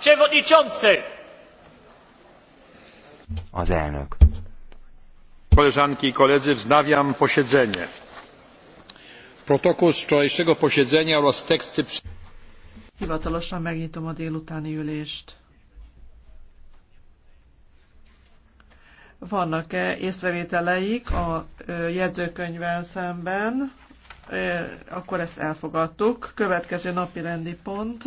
przewodniczący! Az elnök. Koleżanki i koledzy, wznawiam posiedzenie. Protokół z wczorajszego posiedzenia oraz teksty... Hivatalosan megnyitom a délutáni ülést. Vannak-e észrevételeik a jegyzőkönyvvel szemben? Akkor ezt elfogadtuk. Következő napi rendi pont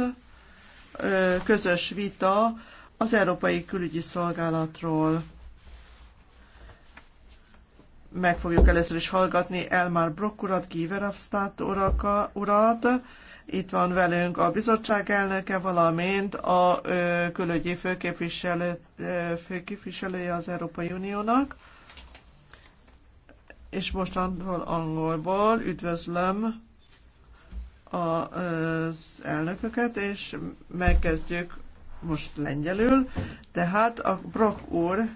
közös vita az Európai Külügyi Szolgálatról. Meg fogjuk először is hallgatni Elmar Brock urat, uraka urat. Itt van velünk a bizottság elnöke, valamint a ö, külügyi főképviselő, ö, főképviselője az Európai Uniónak. És mostantól angolból üdvözlöm az elnököket, és megkezdjük most lengyelül. Tehát a Brock úr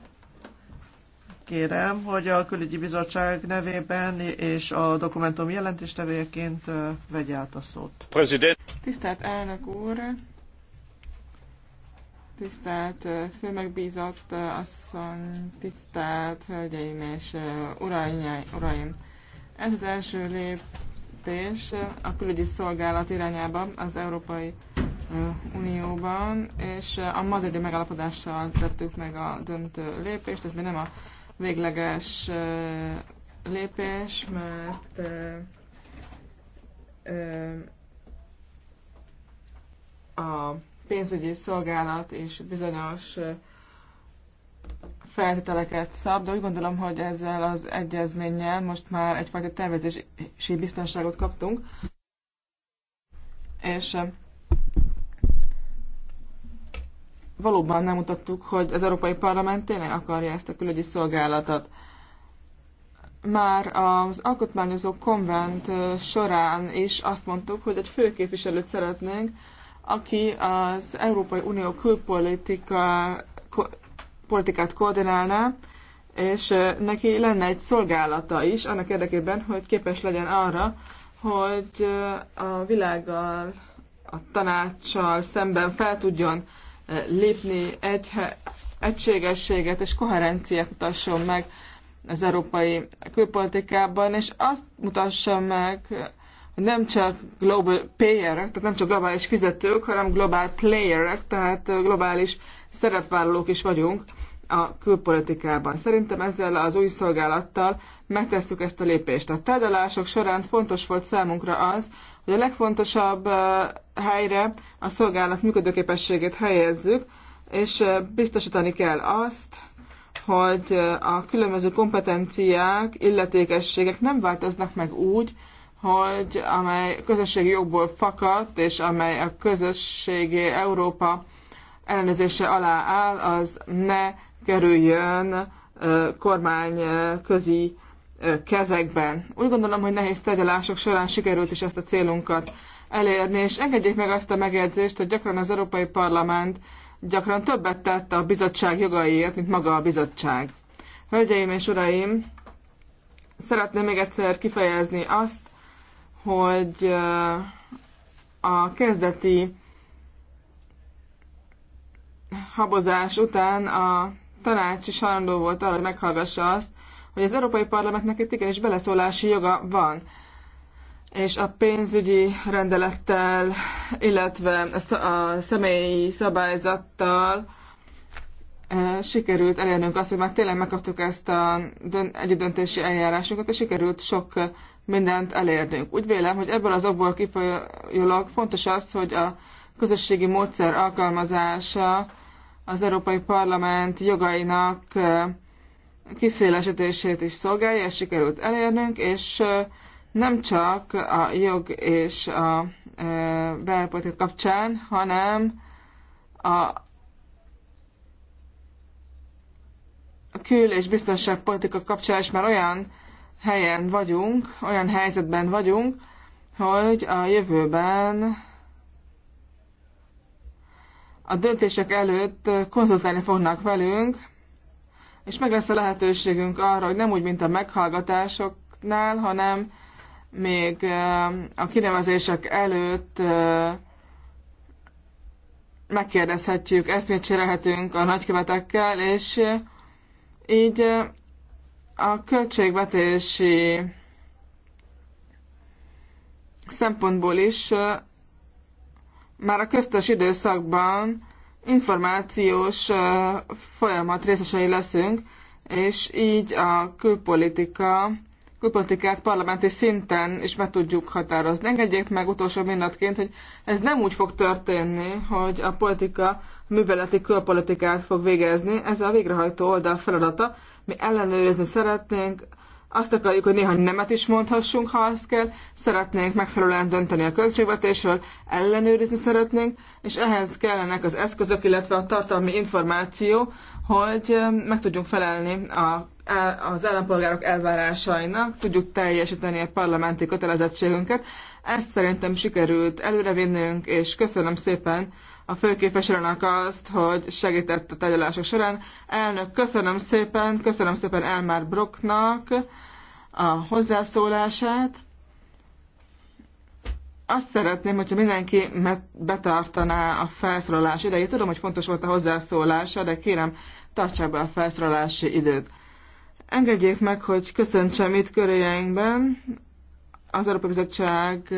kérem, hogy a külügyi bizottság nevében és a dokumentum jelentéstevőjeként vegye át a szót. President. Tisztelt elnök úr, tisztelt főmegbízott asszony, tisztelt hölgyeim és uraim, uraim. Ez az első lép jelentés a külügyi szolgálat irányába az Európai Unióban, és a madridi megállapodással tettük meg a döntő lépést, ez még nem a végleges lépés, mert a pénzügyi szolgálat és bizonyos feltételeket szab, de úgy gondolom, hogy ezzel az egyezménnyel most már egyfajta tervezési biztonságot kaptunk. És valóban nem mutattuk, hogy az Európai Parlament tényleg akarja ezt a külügyi szolgálatot. Már az alkotmányozó konvent során is azt mondtuk, hogy egy főképviselőt szeretnénk, aki az Európai Unió külpolitika politikát koordinálná, és neki lenne egy szolgálata is annak érdekében, hogy képes legyen arra, hogy a világgal, a tanácssal szemben fel tudjon lépni, egy, egységességet és koherenciát mutasson meg az európai külpolitikában, és azt mutassa meg nem csak global payerek, tehát nem csak globális fizetők, hanem globál playerek, tehát globális szerepvállalók is vagyunk a külpolitikában. Szerintem ezzel az új szolgálattal megtesszük ezt a lépést. A tárgyalások során fontos volt számunkra az, hogy a legfontosabb helyre a szolgálat működőképességét helyezzük, és biztosítani kell azt, hogy a különböző kompetenciák, illetékességek nem változnak meg úgy, hogy amely közösségi jogból fakadt, és amely a közösségi Európa ellenőrzése alá áll, az ne kerüljön kormány közi kezekben. Úgy gondolom, hogy nehéz tegyelások során sikerült is ezt a célunkat elérni, és engedjék meg azt a megjegyzést, hogy gyakran az Európai Parlament gyakran többet tett a bizottság jogaiért, mint maga a bizottság. Hölgyeim és uraim, szeretném még egyszer kifejezni azt, hogy a kezdeti habozás után a tanács is hajlandó volt arra, hogy meghallgassa azt, hogy az Európai Parlamentnek egy igenis beleszólási joga van. És a pénzügyi rendelettel, illetve a személyi szabályzattal sikerült elérnünk azt, hogy már tényleg megkaptuk ezt a döntési eljárásunkat, és sikerült sok mindent elérnünk. Úgy vélem, hogy ebből az okból kifolyólag fontos az, hogy a közösségi módszer alkalmazása az Európai Parlament jogainak kiszélesítését is szolgálja, és sikerült elérnünk, és nem csak a jog és a belpolitika kapcsán, hanem a kül- és biztonságpolitika kapcsán is már olyan helyen vagyunk, olyan helyzetben vagyunk, hogy a jövőben a döntések előtt konzultálni fognak velünk, és meg lesz a lehetőségünk arra, hogy nem úgy, mint a meghallgatásoknál, hanem még a kinevezések előtt megkérdezhetjük, ezt mit cserélhetünk a nagykövetekkel, és így a költségvetési szempontból is már a köztes időszakban információs folyamat részesei leszünk, és így a külpolitika, külpolitikát parlamenti szinten is meg tudjuk határozni. Engedjék meg utolsó mindatként, hogy ez nem úgy fog történni, hogy a politika műveleti külpolitikát fog végezni, ez a végrehajtó oldal feladata, mi ellenőrizni szeretnénk, azt akarjuk, hogy néha nemet is mondhassunk, ha azt kell, szeretnénk megfelelően dönteni a költségvetésről, ellenőrizni szeretnénk, és ehhez kellenek az eszközök, illetve a tartalmi információ, hogy meg tudjunk felelni a, e, az állampolgárok elvárásainak, tudjuk teljesíteni a parlamenti kötelezettségünket. Ezt szerintem sikerült előrevinnünk, és köszönöm szépen a főképviselőnek azt, hogy segített a tegyelások során. Elnök, köszönöm szépen, köszönöm szépen Elmár Brocknak a hozzászólását. Azt szeretném, hogyha mindenki betartaná a felszólalás idejét. Tudom, hogy fontos volt a hozzászólása, de kérem, tartsa be a felszólalási időt. Engedjék meg, hogy köszöntsem itt körüljeinkben az Európai Bizottság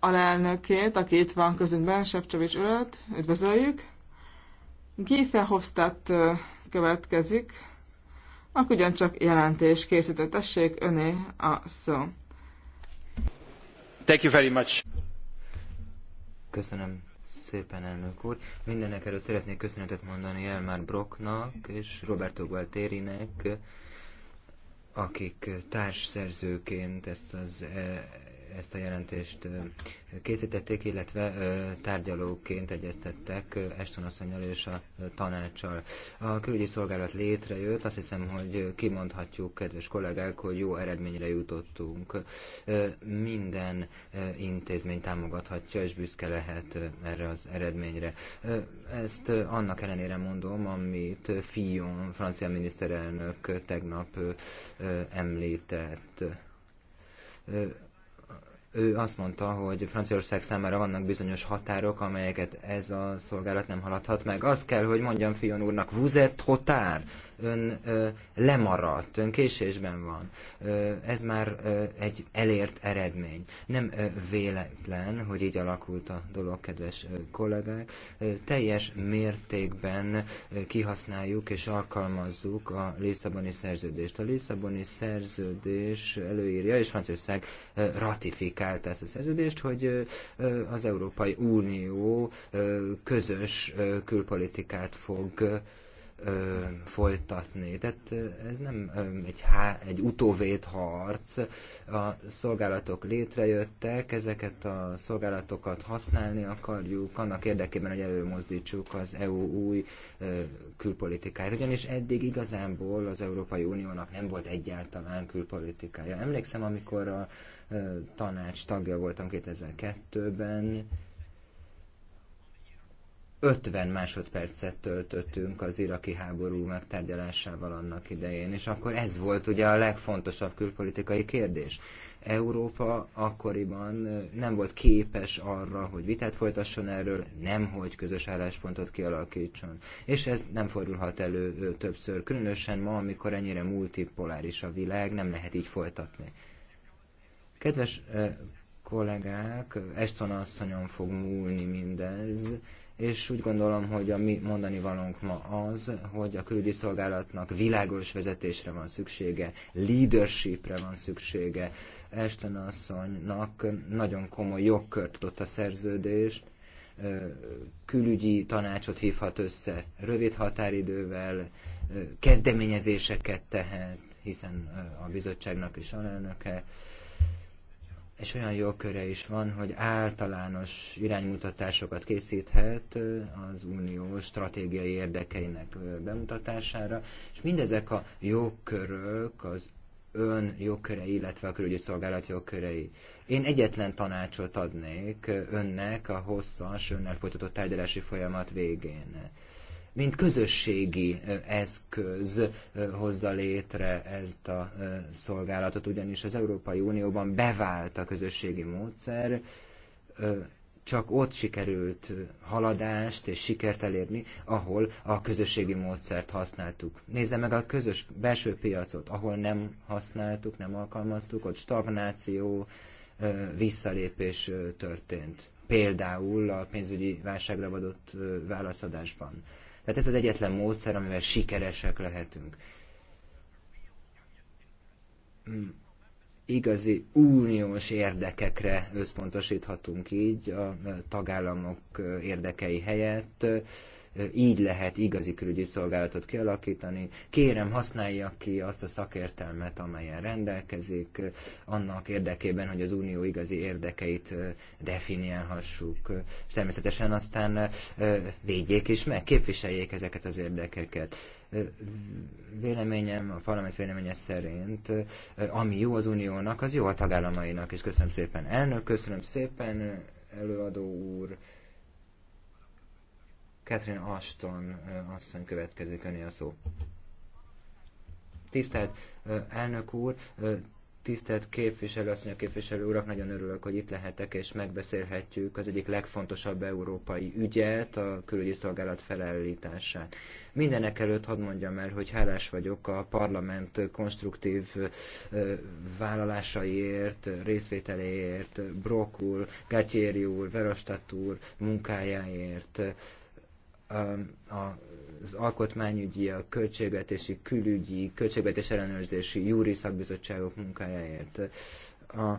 alelnökét, aki itt van közünkben, Sefcsovics urat, üdvözöljük. Guy Verhofstadt következik, aki ugyancsak jelentés készített. Tessék, öné a szó. Thank you very much. Köszönöm szépen, elnök úr. Mindenek előtt szeretnék köszönetet mondani Elmar Brocknak és Roberto Gualtérinek, akik társszerzőként ezt az e, ezt a jelentést készítették, illetve tárgyalóként egyeztettek Eston asszonyal és a tanácssal. A külügyi szolgálat létrejött, azt hiszem, hogy kimondhatjuk, kedves kollégák, hogy jó eredményre jutottunk. Minden intézmény támogathatja, és büszke lehet erre az eredményre. Ezt annak ellenére mondom, amit Fillon, francia miniszterelnök tegnap említett ő azt mondta, hogy Franciaország számára vannak bizonyos határok, amelyeket ez a szolgálat nem haladhat meg. Azt kell, hogy mondjam Fion úrnak, vous êtes trop tard ön lemaradt, ön késésben van. Ez már egy elért eredmény. Nem véletlen, hogy így alakult a dolog, kedves kollégák. Teljes mértékben kihasználjuk és alkalmazzuk a Lisszaboni szerződést. A Lisszaboni szerződés előírja, és Franciaország ratifikálta ezt a szerződést, hogy az Európai Unió közös külpolitikát fog folytatni. Tehát ez nem egy, há, egy utóvét harc. A szolgálatok létrejöttek, ezeket a szolgálatokat használni akarjuk, annak érdekében, hogy előmozdítsuk az EU új külpolitikáját. Ugyanis eddig igazából az Európai Uniónak nem volt egyáltalán külpolitikája. Emlékszem, amikor a tanács tagja voltam 2002-ben, 50 másodpercet töltöttünk az iraki háború megtárgyalásával annak idején, és akkor ez volt ugye a legfontosabb külpolitikai kérdés. Európa akkoriban nem volt képes arra, hogy vitát folytasson erről, nem hogy közös álláspontot kialakítson. És ez nem fordulhat elő többször, különösen ma, amikor ennyire multipoláris a világ, nem lehet így folytatni. Kedves kollégák, Eston asszonyon fog múlni mindez, és úgy gondolom, hogy a mi mondani valónk ma az, hogy a külügyi szolgálatnak világos vezetésre van szüksége, leadershipre van szüksége. Esten asszonynak nagyon komoly jogkört adott a szerződést, külügyi tanácsot hívhat össze rövid határidővel, kezdeményezéseket tehet, hiszen a bizottságnak is alelnöke, és olyan jogköre is van, hogy általános iránymutatásokat készíthet az unió stratégiai érdekeinek bemutatására, és mindezek a jogkörök az ön jogkörei, illetve a külügyi szolgálat jogkörei. Én egyetlen tanácsot adnék önnek a hosszas, önnel folytatott tárgyalási folyamat végén mint közösségi eszköz hozza létre ezt a szolgálatot, ugyanis az Európai Unióban bevált a közösségi módszer, csak ott sikerült haladást és sikert elérni, ahol a közösségi módszert használtuk. Nézze meg a közös belső piacot, ahol nem használtuk, nem alkalmaztuk, ott stagnáció, visszalépés történt. Például a pénzügyi válságra adott válaszadásban. Tehát ez az egyetlen módszer, amivel sikeresek lehetünk. Igazi uniós érdekekre összpontosíthatunk így a tagállamok érdekei helyett így lehet igazi külügyi szolgálatot kialakítani. Kérem, használja ki azt a szakértelmet, amelyen rendelkezik, annak érdekében, hogy az unió igazi érdekeit definiálhassuk. És természetesen aztán védjék is meg, képviseljék ezeket az érdekeket véleményem, a parlament véleménye szerint, ami jó az uniónak, az jó a tagállamainak, és köszönöm szépen elnök, köszönöm szépen előadó úr, Catherine Ashton asszony következik, öné a szó. Tisztelt elnök úr, tisztelt képviselő, asszony, a képviselő urak, nagyon örülök, hogy itt lehetek, és megbeszélhetjük az egyik legfontosabb európai ügyet, a külügyi szolgálat felállítását. Mindenek előtt hadd mondjam el, hogy hálás vagyok a parlament konstruktív vállalásaiért, részvételéért, Brokul, úr, úr, Verastat úr munkájáért, az alkotmányügyi, a költségvetési, külügyi, költségvetés ellenőrzési, júri szakbizottságok munkájáért. A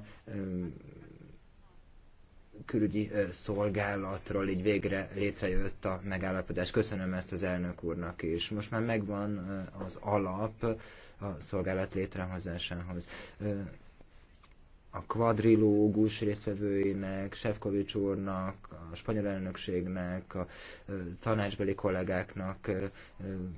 külügyi szolgálatról így végre létrejött a megállapodás. Köszönöm ezt az elnök úrnak is. Most már megvan az alap a szolgálat létrehozásához a kvadrilógus résztvevőinek, Sefkovics úrnak, a spanyol elnökségnek, a tanácsbeli kollégáknak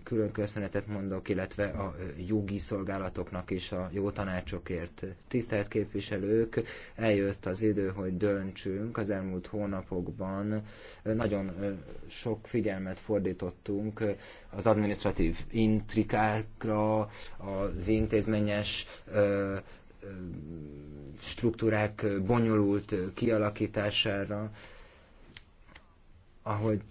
külön köszönetet mondok, illetve a jogi szolgálatoknak is a jó tanácsokért. Tisztelt képviselők, eljött az idő, hogy döntsünk. Az elmúlt hónapokban nagyon sok figyelmet fordítottunk az administratív intrikákra, az intézményes struktúrák bonyolult kialakítására, ahogy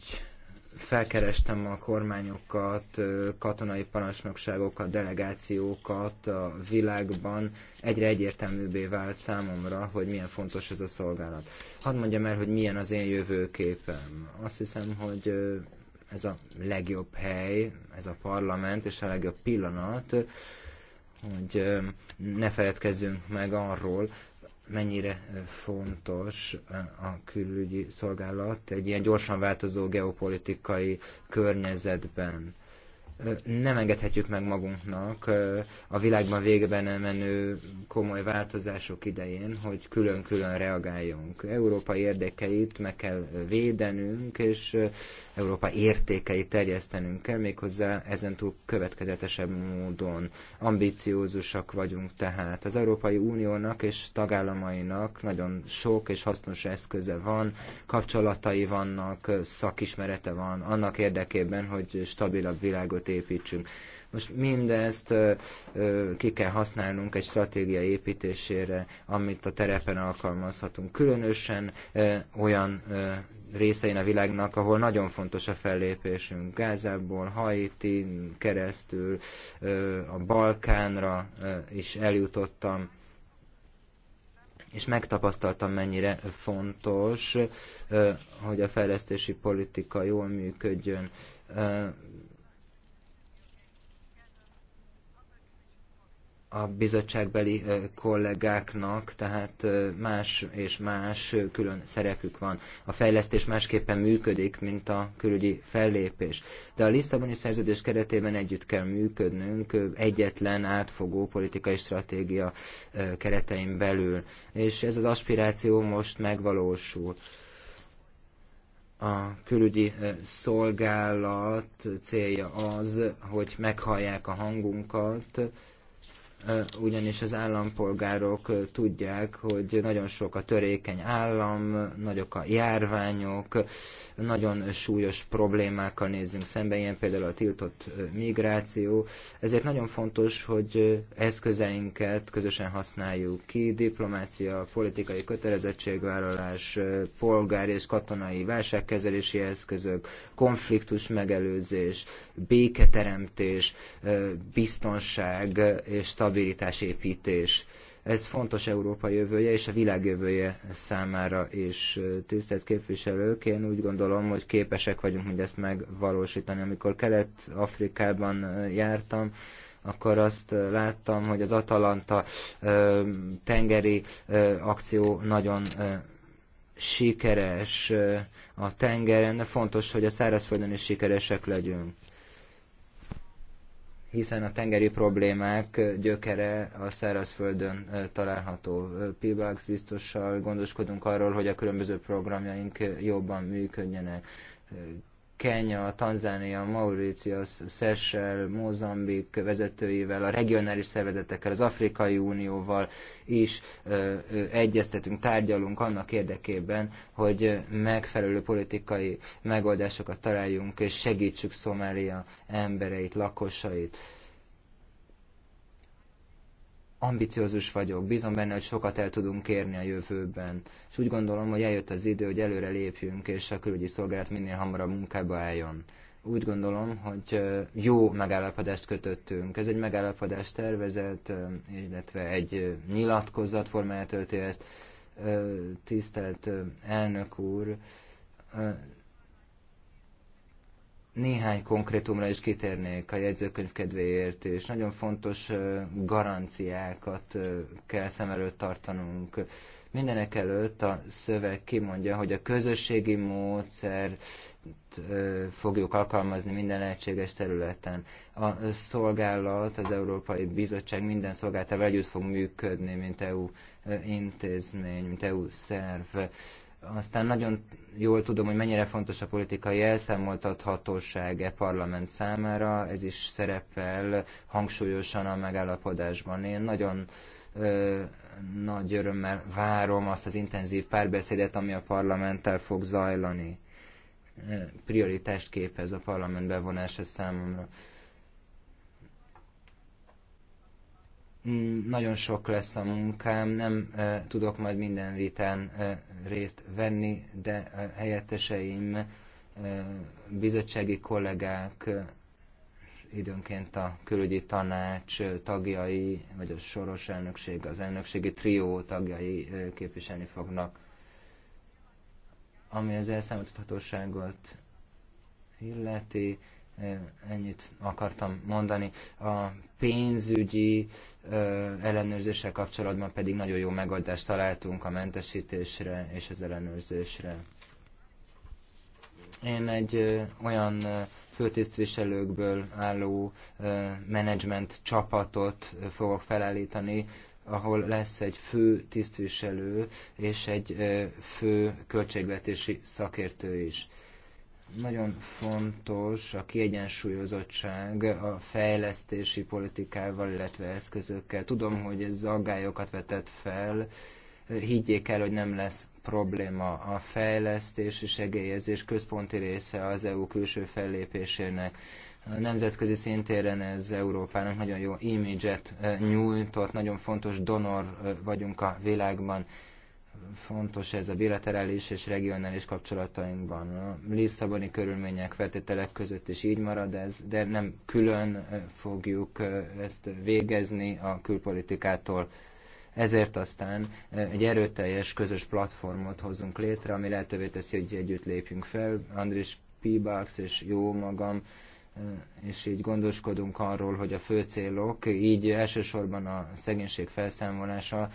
felkerestem a kormányokat, katonai parancsnokságokat, delegációkat a világban, egyre egyértelműbbé vált számomra, hogy milyen fontos ez a szolgálat. Hadd mondjam el, hogy milyen az én jövőképem. Azt hiszem, hogy ez a legjobb hely, ez a parlament, és a legjobb pillanat, hogy ne feledkezzünk meg arról, mennyire fontos a külügyi szolgálat egy ilyen gyorsan változó geopolitikai környezetben nem engedhetjük meg magunknak a világban végben menő komoly változások idején, hogy külön-külön reagáljunk. Európa érdekeit meg kell védenünk, és Európa értékeit terjesztenünk kell, méghozzá ezentúl következetesebb módon. Ambiciózusak vagyunk tehát. Az Európai Uniónak és tagállamainak nagyon sok és hasznos eszköze van, kapcsolatai vannak, szakismerete van, annak érdekében, hogy stabilabb világot építsünk. Most mindezt ki kell használnunk egy stratégia építésére, amit a terepen alkalmazhatunk. Különösen olyan részein a világnak, ahol nagyon fontos a fellépésünk. Gázából, Haiti keresztül, a Balkánra is eljutottam és megtapasztaltam, mennyire fontos, hogy a fejlesztési politika jól működjön. a bizottságbeli kollégáknak, tehát más és más külön szerepük van. A fejlesztés másképpen működik, mint a külügyi fellépés. De a Lisszaboni szerződés keretében együtt kell működnünk egyetlen átfogó politikai stratégia keretein belül. És ez az aspiráció most megvalósul a külügyi szolgálat célja az, hogy meghallják a hangunkat, ugyanis az állampolgárok tudják, hogy nagyon sok a törékeny állam, nagyok a járványok, nagyon súlyos problémákkal nézzünk szembe, ilyen például a tiltott migráció. Ezért nagyon fontos, hogy eszközeinket közösen használjuk ki, diplomácia, politikai kötelezettségvállalás, polgári és katonai válságkezelési eszközök, konfliktus megelőzés, béketeremtés, biztonság és stabilitás építés. Ez fontos Európa jövője és a világ jövője számára is. Tisztelt képviselők, én úgy gondolom, hogy képesek vagyunk mindezt megvalósítani. Amikor Kelet-Afrikában jártam, akkor azt láttam, hogy az Atalanta tengeri akció nagyon sikeres a tengeren, fontos, hogy a szárazföldön is sikeresek legyünk hiszen a tengeri problémák gyökere a szárazföldön található. Pibax biztossal gondoskodunk arról, hogy a különböző programjaink jobban működjenek. Kenya, Tanzánia, Mauritius, Seychelles, Mozambik vezetőivel, a regionális szervezetekkel, az Afrikai Unióval is ö, ö, egyeztetünk, tárgyalunk annak érdekében, hogy megfelelő politikai megoldásokat találjunk, és segítsük Szomália embereit, lakosait ambiciózus vagyok, bízom benne, hogy sokat el tudunk érni a jövőben, és úgy gondolom, hogy eljött az idő, hogy előre lépjünk, és a külügyi szolgálat minél hamarabb munkába álljon. Úgy gondolom, hogy jó megállapodást kötöttünk. Ez egy megállapodás tervezet, illetve egy nyilatkozat formáját ezt. Tisztelt elnök úr, néhány konkrétumra is kitérnék a jegyzőkönyv kedvéért, és nagyon fontos garanciákat kell szem előtt tartanunk. Mindenek előtt a szöveg kimondja, hogy a közösségi módszer fogjuk alkalmazni minden lehetséges területen. A szolgálat, az Európai Bizottság minden szolgáltával együtt fog működni, mint EU intézmény, mint EU szerv aztán nagyon jól tudom, hogy mennyire fontos a politikai elszámoltathatóság e parlament számára, ez is szerepel hangsúlyosan a megállapodásban. Én nagyon ö, nagy örömmel várom azt az intenzív párbeszédet, ami a parlamenttel fog zajlani. Prioritást képez a parlament bevonása számomra. nagyon sok lesz a munkám, nem e, tudok majd minden vitán e, részt venni, de e, helyetteseim, e, bizottsági kollégák, e, időnként a külügyi tanács tagjai, vagy a soros elnökség, az elnökségi trió tagjai e, képviselni fognak. Ami az elszámoltathatóságot illeti, ennyit akartam mondani. A pénzügyi ellenőrzéssel kapcsolatban pedig nagyon jó megoldást találtunk a mentesítésre és az ellenőrzésre. Én egy olyan főtisztviselőkből álló menedzsment csapatot fogok felállítani, ahol lesz egy fő tisztviselő és egy fő költségvetési szakértő is. Nagyon fontos a kiegyensúlyozottság a fejlesztési politikával, illetve eszközökkel. Tudom, hogy ez aggályokat vetett fel, higgyék el, hogy nem lesz probléma. A fejlesztési segélyezés központi része az EU külső fellépésének. A nemzetközi szintéren ez Európának nagyon jó imidzset nyújtott, nagyon fontos donor vagyunk a világban fontos ez a bilaterális és regionális kapcsolatainkban. A Lisszaboni körülmények, feltételek között is így marad ez, de nem külön fogjuk ezt végezni a külpolitikától. Ezért aztán egy erőteljes közös platformot hozunk létre, ami lehetővé teszi, hogy együtt lépjünk fel. Andris Pibax és jó magam és így gondoskodunk arról, hogy a fő célok, így elsősorban a szegénység felszámolása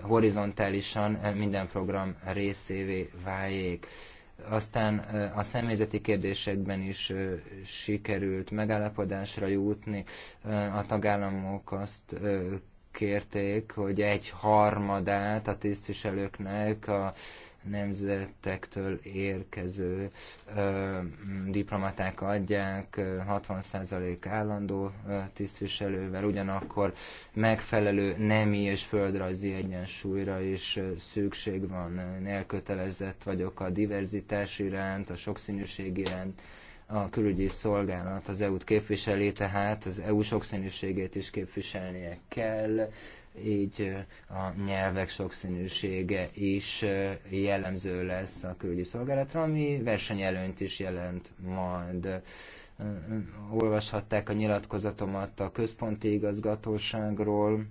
horizontálisan minden program részévé váljék. Aztán a személyzeti kérdésekben is sikerült megállapodásra jutni. A tagállamok azt kérték, hogy egy harmadát a tisztviselőknek a nemzetektől érkező ö, diplomaták adják, 60% állandó ö, tisztviselővel, ugyanakkor megfelelő nemi és földrajzi egyensúlyra is szükség van. Én elkötelezett vagyok a diverzitás iránt, a sokszínűség iránt, a külügyi szolgálat az EU-t képviseli, tehát az EU sokszínűségét is képviselnie kell, így a nyelvek sokszínűsége is jellemző lesz a külügyi szolgálatra, ami versenyelőnyt is jelent majd. Olvashatták a nyilatkozatomat a központi igazgatóságról.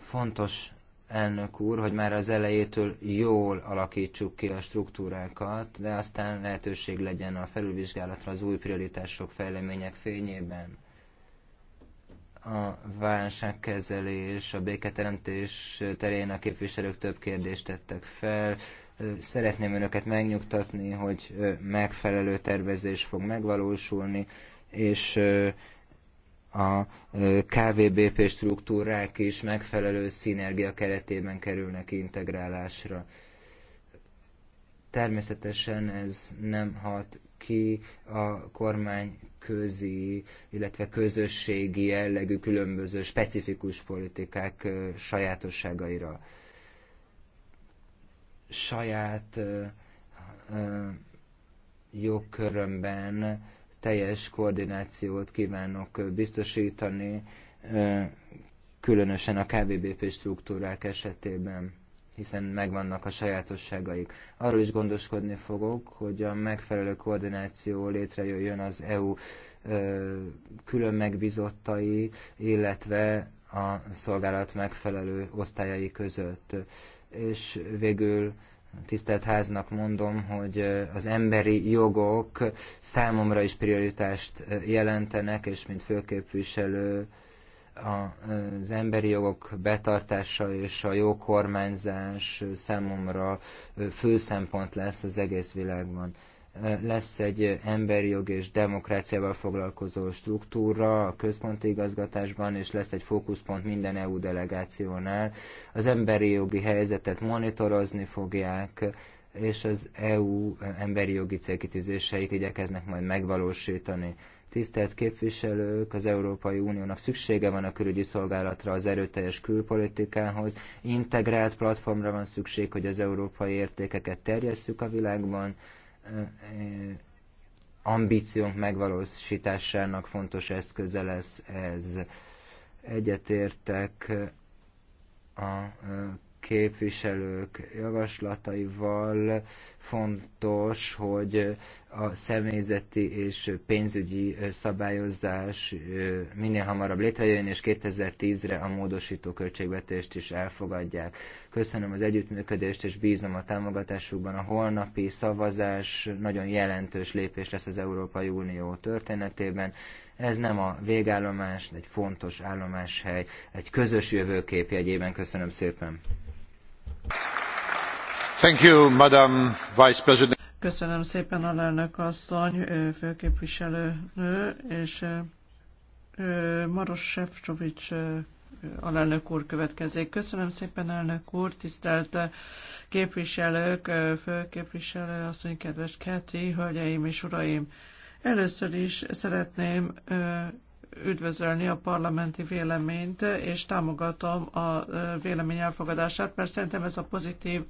Fontos elnök úr, hogy már az elejétől jól alakítsuk ki a struktúrákat, de aztán lehetőség legyen a felülvizsgálatra az új prioritások fejlemények fényében a válságkezelés, a béketeremtés terén a képviselők több kérdést tettek fel. Szeretném önöket megnyugtatni, hogy megfelelő tervezés fog megvalósulni, és a KVBP struktúrák is megfelelő szinergia keretében kerülnek integrálásra. Természetesen ez nem hat ki a kormány közi, illetve közösségi jellegű különböző specifikus politikák sajátosságaira. Saját jogkörömben teljes koordinációt kívánok biztosítani, különösen a KBBP struktúrák esetében hiszen megvannak a sajátosságaik. Arról is gondoskodni fogok, hogy a megfelelő koordináció létrejöjjön az EU külön megbizottai, illetve a szolgálat megfelelő osztályai között. És végül tisztelt háznak mondom, hogy az emberi jogok számomra is prioritást jelentenek, és mint főképviselő az emberi jogok betartása és a jó kormányzás számomra fő szempont lesz az egész világban. Lesz egy emberi jog és demokráciával foglalkozó struktúra a központi igazgatásban, és lesz egy fókuszpont minden EU delegációnál. Az emberi jogi helyzetet monitorozni fogják, és az EU emberi jogi célkitűzéseit igyekeznek majd megvalósítani. Tisztelt képviselők, az Európai Uniónak szüksége van a külügyi szolgálatra, az erőteljes külpolitikához. Integrált platformra van szükség, hogy az európai értékeket terjesszük a világban. Eh, ambíciónk megvalósításának fontos eszköze lesz ez. Egyetértek a eh, képviselők javaslataival fontos, hogy a személyzeti és pénzügyi szabályozás minél hamarabb létrejön, és 2010-re a módosító költségvetést is elfogadják. Köszönöm az együttműködést, és bízom a támogatásukban. A holnapi szavazás nagyon jelentős lépés lesz az Európai Unió történetében. Ez nem a végállomás, egy fontos állomáshely, egy közös jövőkép jegyében. Köszönöm szépen! Köszönöm szépen alelnök asszony, főképviselő nő, és Maros Sefcovics alelnök úr következik. Köszönöm szépen, elnök úr, tisztelt képviselők, főképviselő asszony, kedves Keti, hölgyeim és uraim! Először is szeretném üdvözölni a parlamenti véleményt, és támogatom a vélemény elfogadását, mert szerintem ez a pozitív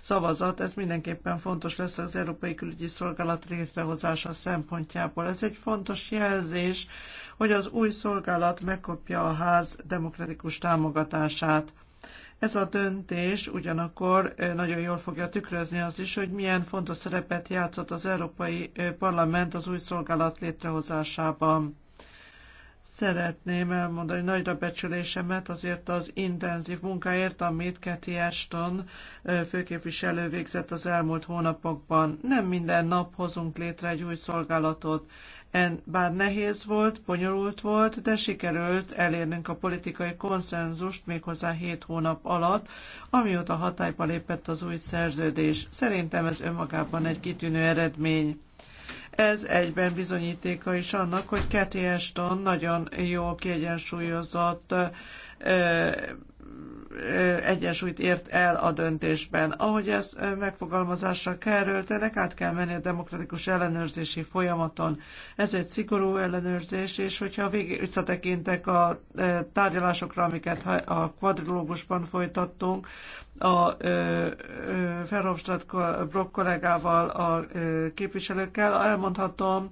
szavazat, ez mindenképpen fontos lesz az Európai Külügyi Szolgálat létrehozása szempontjából. Ez egy fontos jelzés, hogy az új szolgálat megkapja a ház demokratikus támogatását. Ez a döntés ugyanakkor nagyon jól fogja tükrözni az is, hogy milyen fontos szerepet játszott az Európai Parlament az új szolgálat létrehozásában. Szeretném elmondani nagyra becsülésemet azért az intenzív munkáért, amit Keti Ashton főképviselő végzett az elmúlt hónapokban. Nem minden nap hozunk létre egy új szolgálatot. En, bár nehéz volt, bonyolult volt, de sikerült elérnünk a politikai konszenzust méghozzá hét hónap alatt, amióta hatályba lépett az új szerződés. Szerintem ez önmagában egy kitűnő eredmény. Ez egyben bizonyítéka is annak, hogy Cathy Ashton nagyon jó kiegyensúlyozott egyensúlyt ért el a döntésben. Ahogy ez megfogalmazásra kerültenek, át kell menni a demokratikus ellenőrzési folyamaton. Ez egy szigorú ellenőrzés, és hogyha végig visszatekintek a tárgyalásokra, amiket a kvadrilógusban folytattunk, a Ferhofstadt Brock kollégával, a képviselőkkel, elmondhatom,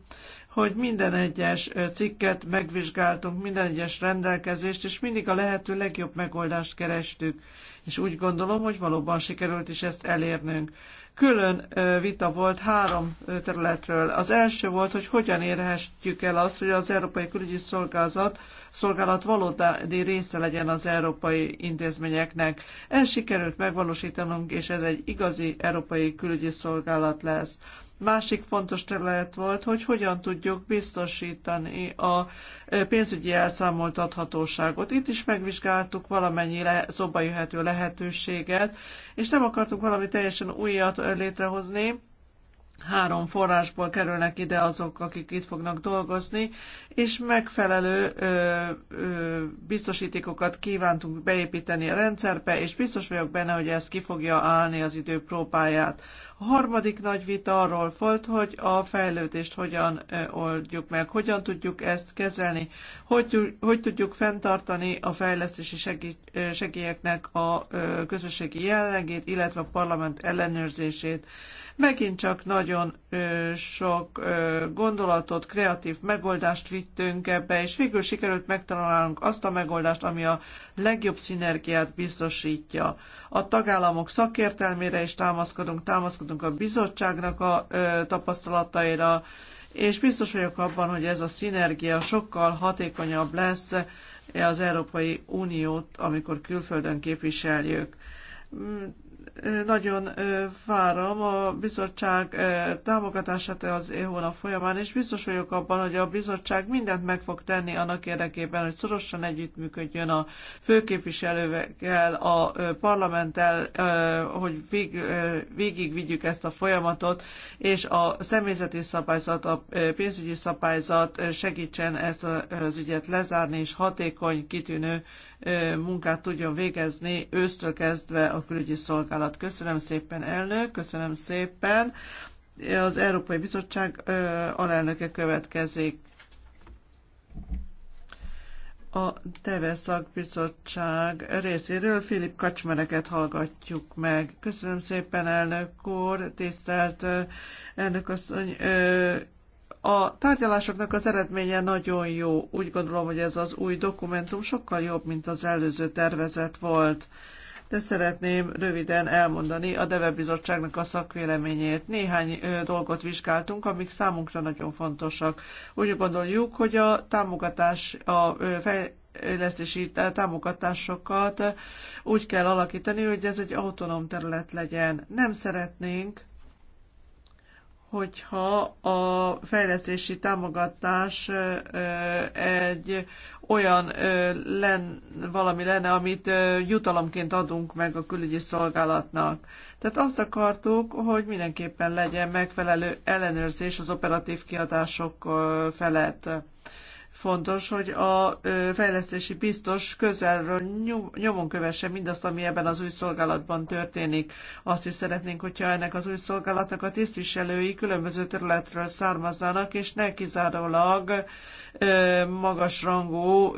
hogy minden egyes cikket megvizsgáltunk, minden egyes rendelkezést, és mindig a lehető legjobb megoldást kerestük. És úgy gondolom, hogy valóban sikerült is ezt elérnünk. Külön vita volt három területről. Az első volt, hogy hogyan érhetjük el azt, hogy az Európai Külügyi Szolgálat, szolgálat valódi része legyen az európai intézményeknek. Ez sikerült megvalósítanunk, és ez egy igazi Európai Külügyi Szolgálat lesz. Másik fontos terület volt, hogy hogyan tudjuk biztosítani a e, pénzügyi elszámoltathatóságot. Itt is megvizsgáltuk valamennyi le, szoba jöhető lehetőséget, és nem akartuk valami teljesen újat e, létrehozni, három forrásból kerülnek ide azok, akik itt fognak dolgozni, és megfelelő ö, e, ö, biztosítékokat kívántunk beépíteni a rendszerbe, és biztos vagyok benne, hogy ez ki fogja állni az idő próbáját. A harmadik nagy vita arról volt, hogy a fejlődést hogyan oldjuk meg, hogyan tudjuk ezt kezelni, hogy, hogy tudjuk fenntartani a fejlesztési segélyeknek a közösségi jellegét, illetve a parlament ellenőrzését. Megint csak nagyon sok gondolatot, kreatív megoldást vittünk ebbe, és végül sikerült megtalálnunk azt a megoldást, ami a legjobb szinergiát biztosítja. A tagállamok szakértelmére is támaszkodunk, támaszkodunk a bizottságnak a tapasztalataira, és biztos vagyok abban, hogy ez a szinergia sokkal hatékonyabb lesz az Európai Uniót, amikor külföldön képviseljük mm, nagyon várom a bizottság támogatását az e hónap folyamán, és biztos vagyok abban, hogy a bizottság mindent meg fog tenni annak érdekében, hogy szorosan együttműködjön a főképviselőkkel, a parlamenttel, hogy végigvigyük ezt a folyamatot, és a személyzeti szabályzat, a pénzügyi szabályzat segítsen ezt az ügyet lezárni, és hatékony, kitűnő munkát tudjon végezni ősztől kezdve a külügyi szolgálat. Köszönöm szépen, elnök, köszönöm szépen. Az Európai Bizottság alelnöke következik. A TV szakbizottság részéről Filip Kacsmereket hallgatjuk meg. Köszönöm szépen, elnök úr, tisztelt elnök asszony, a tárgyalásoknak az eredménye nagyon jó. Úgy gondolom, hogy ez az új dokumentum sokkal jobb, mint az előző tervezet volt. De szeretném röviden elmondani a Deve Bizottságnak a szakvéleményét. Néhány dolgot vizsgáltunk, amik számunkra nagyon fontosak. Úgy gondoljuk, hogy a támogatás, a fej, fejlesztési támogatásokat úgy kell alakítani, hogy ez egy autonóm terület legyen. Nem szeretnénk hogyha a fejlesztési támogatás egy olyan len, valami lenne, amit jutalomként adunk meg a külügyi szolgálatnak. Tehát azt akartuk, hogy mindenképpen legyen megfelelő ellenőrzés az operatív kiadások felett fontos, hogy a fejlesztési biztos közelről nyomon kövesse mindazt, ami ebben az új szolgálatban történik. Azt is szeretnénk, hogyha ennek az új szolgálatnak a tisztviselői különböző területről származzanak, és ne kizárólag magasrangú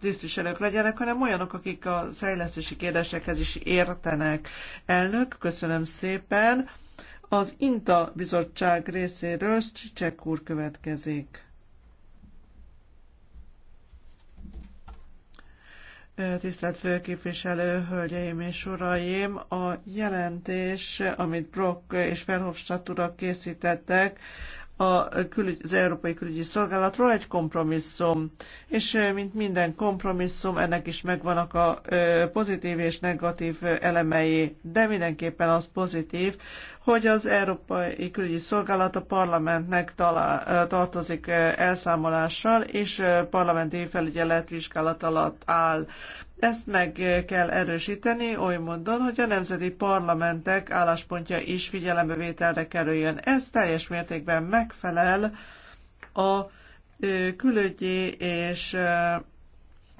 tisztviselők legyenek, hanem olyanok, akik a fejlesztési kérdésekhez is értenek. Elnök, köszönöm szépen. Az INTA bizottság részéről Csicsek úr következik. Tisztelt főképviselő, hölgyeim és uraim! A jelentés, amit Brock és Verhofstadt urak készítettek, a külügy, az Európai Külügyi Szolgálatról egy kompromisszum. És mint minden kompromisszum, ennek is megvannak a pozitív és negatív elemei, de mindenképpen az pozitív, hogy az Európai Külügyi Szolgálat a parlamentnek talál, tartozik elszámolással, és parlamenti felügyelet vizsgálat alatt áll. Ezt meg kell erősíteni oly módon, hogy a nemzeti parlamentek álláspontja is figyelembevételre kerüljön. Ez teljes mértékben megfelel a külügyi és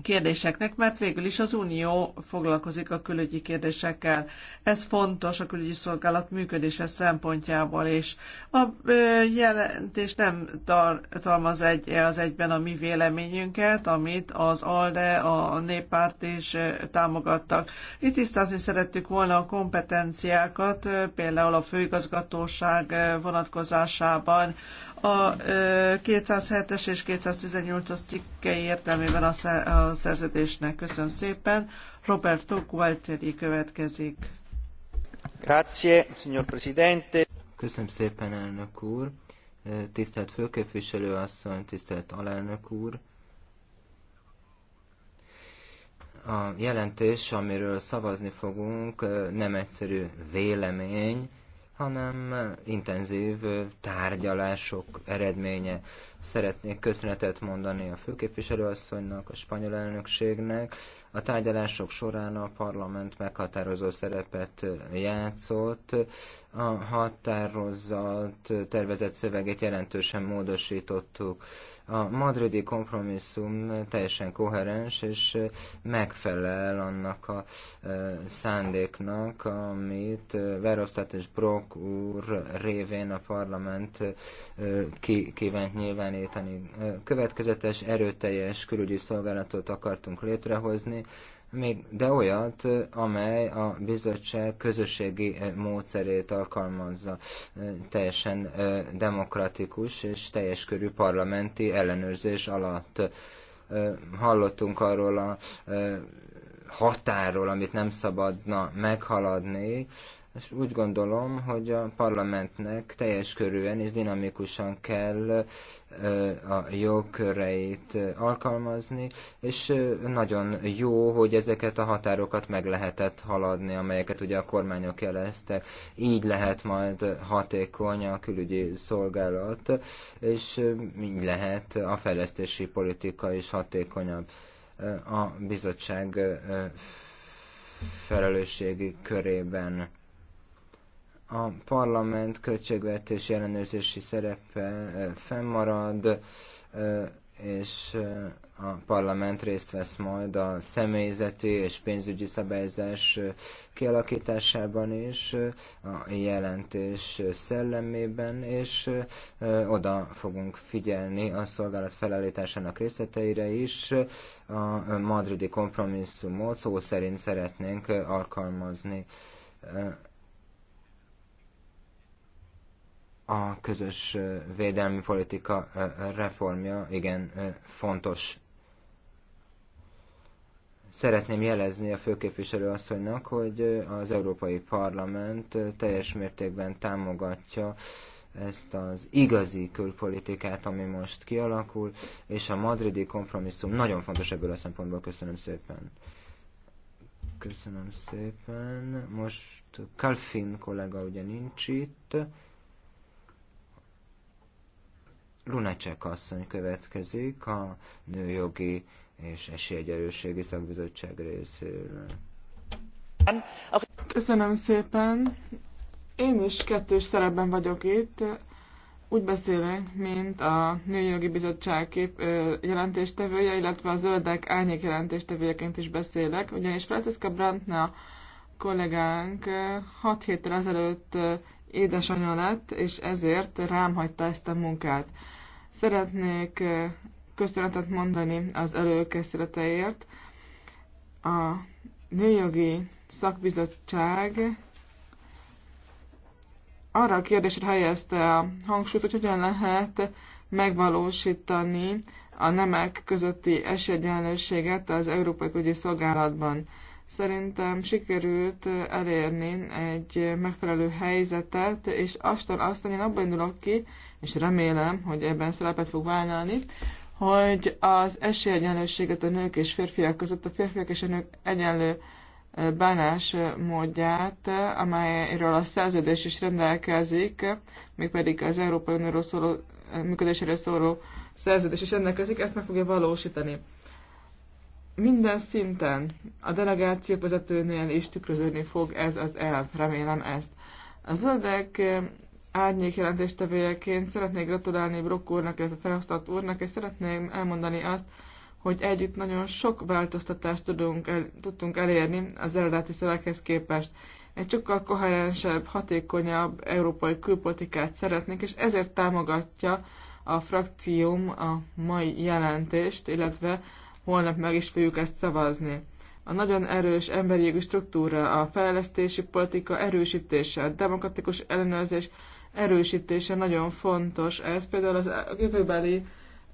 kérdéseknek, mert végül is az Unió foglalkozik a külügyi kérdésekkel. Ez fontos a külügyi szolgálat működése szempontjából, és a jelentés nem tartalmaz egy, az egyben a mi véleményünket, amit az ALDE, a Néppárt is támogattak. Itt tisztázni szerettük volna a kompetenciákat, például a főigazgatóság vonatkozásában, a 207-es és 218-as cikkei értelmében a, szer, a szerződésnek. Köszönöm szépen. Roberto Gualteri következik. Grazie, signor Presidente. Köszönöm szépen, elnök úr. Tisztelt főképviselő asszony, tisztelt alelnök úr. A jelentés, amiről szavazni fogunk, nem egyszerű vélemény, hanem intenzív tárgyalások eredménye. Szeretnék köszönetet mondani a főképviselőasszonynak, a spanyol elnökségnek. A tárgyalások során a parlament meghatározó szerepet játszott, a határozat tervezett szöveget jelentősen módosítottuk. A madridi kompromisszum teljesen koherens, és megfelel annak a e, szándéknak, amit e, Verhofstadt és Brock úr révén a parlament e, kívánt nyilvánítani. Következetes, erőteljes külügyi szolgálatot akartunk létrehozni, még, de olyat, amely a bizottság közösségi módszerét alkalmazza, teljesen demokratikus és teljes körű parlamenti ellenőrzés alatt. Hallottunk arról a határól, amit nem szabadna meghaladni, és úgy gondolom, hogy a parlamentnek teljes körűen és dinamikusan kell a jogköreit alkalmazni, és nagyon jó, hogy ezeket a határokat meg lehetett haladni, amelyeket ugye a kormányok jeleztek. Így lehet majd hatékony a külügyi szolgálat, és így lehet a fejlesztési politika is hatékonyabb. A bizottság felelősségi körében a parlament költségvetés ellenőrzési szerepe fennmarad, és a parlament részt vesz majd a személyzeti és pénzügyi szabályzás kialakításában is, a jelentés szellemében, és oda fogunk figyelni a szolgálat felállításának részleteire is. A madridi kompromisszumot szó szerint szeretnénk alkalmazni a közös védelmi politika reformja igen fontos. Szeretném jelezni a főképviselő asszonynak, hogy az Európai Parlament teljes mértékben támogatja ezt az igazi külpolitikát, ami most kialakul, és a madridi kompromisszum nagyon fontos ebből a szempontból. Köszönöm szépen. Köszönöm szépen. Most Kalfin kollega ugye nincs itt. Lunacek asszony következik a Nőjogi és Esélyegyelőségi Szakbizottság részéről. Köszönöm szépen. Én is kettős szerepben vagyok itt. Úgy beszélek, mint a Nőjogi Bizottság kép, jelentéstevője, illetve a Zöldek Árnyék jelentéstevőjeként is beszélek, ugyanis Franciska Brantna kollégánk 6 héttel ezelőtt édesanyja lett, és ezért rám hagyta ezt a munkát. Szeretnék köszönetet mondani az előkészületeért. A Nőjogi Szakbizottság arra a kérdésre helyezte a hangsúlyt, hogy hogyan lehet megvalósítani a nemek közötti esélyegyenlőséget az Európai Külügyi Szolgálatban. Szerintem sikerült elérni egy megfelelő helyzetet, és Aston asszony, én abban indulok ki, és remélem, hogy ebben szerepet fog vállalni, hogy az esélyegyenlőséget a nők és férfiak között, a férfiak és a nők egyenlő bánás módját, amelyről a szerződés is rendelkezik, mégpedig az Európai Unió szóló működéséről szóló szerződés is rendelkezik, ezt meg fogja valósítani. Minden szinten a delegáció vezetőnél is tükröződni fog ez az elv, remélem ezt. A zöldek árnyék jelentéstevőjeként szeretnék gratulálni Brock úrnak, illetve Felhasztott úrnak, és szeretném elmondani azt, hogy együtt nagyon sok változtatást tudunk el, tudtunk elérni az eredeti szöveghez képest. Egy sokkal koherensebb, hatékonyabb európai külpolitikát szeretnék, és ezért támogatja a frakcióm a mai jelentést, illetve holnap meg is fogjuk ezt szavazni. A nagyon erős emberi jogi struktúra, a fejlesztési politika erősítése, a demokratikus ellenőrzés, erősítése nagyon fontos. Ez például az a jövőbeli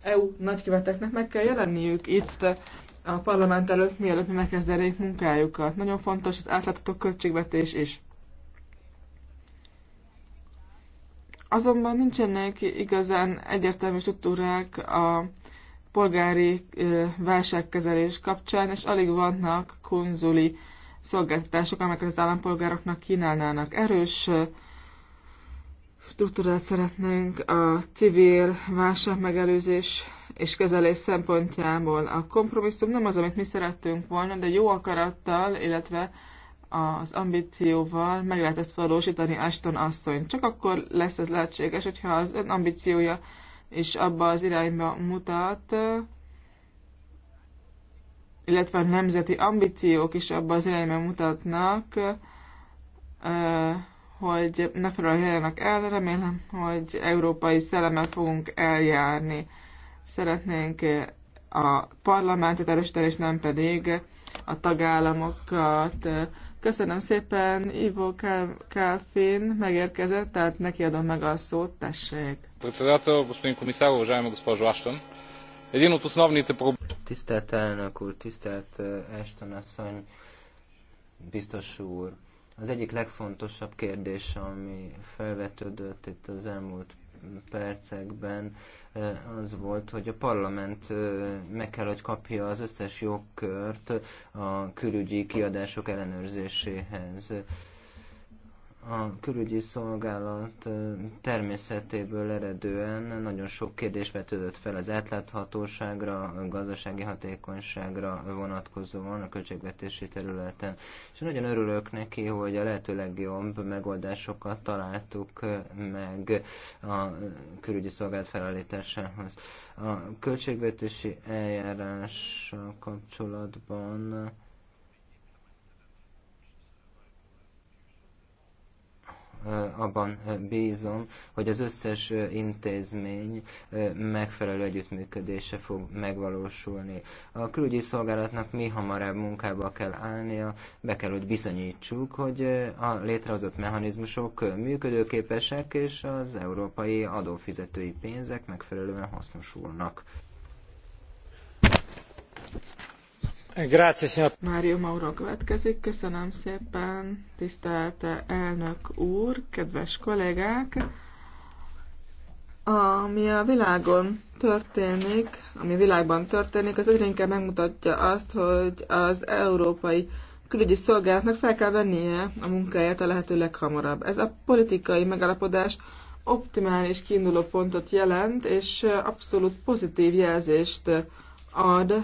EU nagyköveteknek meg kell jelenniük itt a parlament előtt, mielőtt mi megkezdenék munkájukat. Nagyon fontos az átlátható költségvetés is. Azonban nincsenek igazán egyértelmű struktúrák a polgári válságkezelés kapcsán, és alig vannak konzuli szolgáltatások, amelyeket az állampolgároknak kínálnának. Erős struktúrát szeretnénk a civil válság megelőzés és kezelés szempontjából. A kompromisszum nem az, amit mi szerettünk volna, de jó akarattal, illetve az ambícióval meg lehet ezt valósítani Ashton asszony. Csak akkor lesz ez lehetséges, hogyha az ön ambíciója is abba az irányba mutat, illetve a nemzeti ambíciók is abba az irányba mutatnak, hogy ne járjanak el, remélem, hogy európai szellemmel fogunk eljárni. Szeretnénk a parlamentet erősíteni, és nem pedig a tagállamokat. Köszönöm szépen, Ivo Kálfin megérkezett, tehát neki adom meg a szót, tessék. Tisztelt elnök úr, tisztelt eh, Ashton asszony, biztos úr, az egyik legfontosabb kérdés, ami felvetődött itt az elmúlt percekben az volt, hogy a parlament meg kell, hogy kapja az összes jogkört a külügyi kiadások ellenőrzéséhez a külügyi szolgálat természetéből eredően nagyon sok kérdés vetődött fel az átláthatóságra, a gazdasági hatékonyságra vonatkozóan a költségvetési területen. És nagyon örülök neki, hogy a lehető legjobb megoldásokat találtuk meg a külügyi szolgálat felállításához. A költségvetési eljárás kapcsolatban Eh, abban eh, bízom, hogy az összes eh, intézmény megfelelő együttműködése fog megvalósulni. A külügyi szolgálatnak mi hamarabb munkába kell állnia, be kell, hogy bizonyítsuk, hogy a létrehozott mechanizmusok működőképesek, és az európai adófizetői pénzek megfelelően hasznosulnak. Mário Mauro következik. Köszönöm szépen, tisztelt elnök úr, kedves kollégák! Ami a világon történik, ami világban történik, az egyre inkább megmutatja azt, hogy az európai külügyi szolgálatnak fel kell vennie a munkáját a lehető leghamarabb. Ez a politikai megállapodás optimális kiinduló pontot jelent, és abszolút pozitív jelzést ad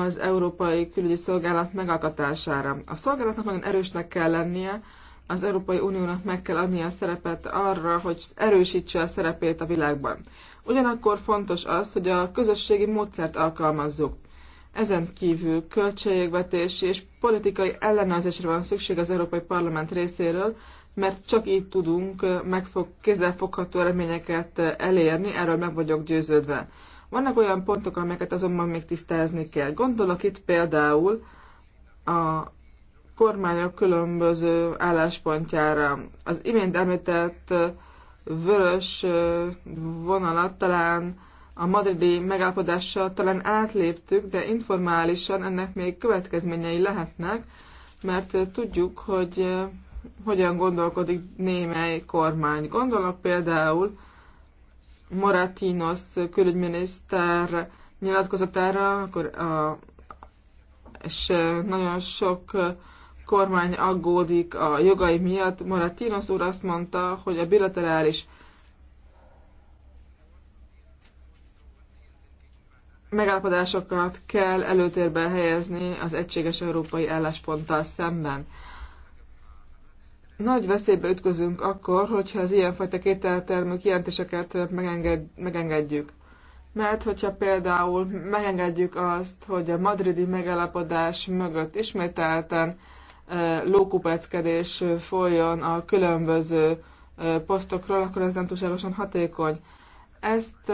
az Európai Külügyi Szolgálat megalkatására. A szolgálatnak nagyon erősnek kell lennie, az Európai Uniónak meg kell adnia a szerepet arra, hogy erősítse a szerepét a világban. Ugyanakkor fontos az, hogy a közösségi módszert alkalmazzuk. Ezen kívül költségvetési és politikai ellenőrzésre van szükség az Európai Parlament részéről, mert csak így tudunk megfog, kézzelfogható eredményeket elérni, erről meg vagyok győződve. Vannak olyan pontok, amelyeket azonban még tisztázni kell. Gondolok itt például a kormányok különböző álláspontjára. Az imént említett vörös vonalat talán a madridi megállapodással talán átléptük, de informálisan ennek még következményei lehetnek, mert tudjuk, hogy hogyan gondolkodik némely kormány. Gondolok például Maratinos külügyminiszter nyilatkozatára, akkor a, és nagyon sok kormány aggódik a jogai miatt. Maratinos úr azt mondta, hogy a bilaterális megállapodásokat kell előtérbe helyezni az egységes európai állásponttal szemben nagy veszélybe ütközünk akkor, hogyha az ilyenfajta kételtermű kijelentéseket megenged, megengedjük. Mert hogyha például megengedjük azt, hogy a madridi megállapodás mögött ismételten e, lókupeckedés folyjon a különböző e, posztokról, akkor ez nem túlságosan hatékony. Ezt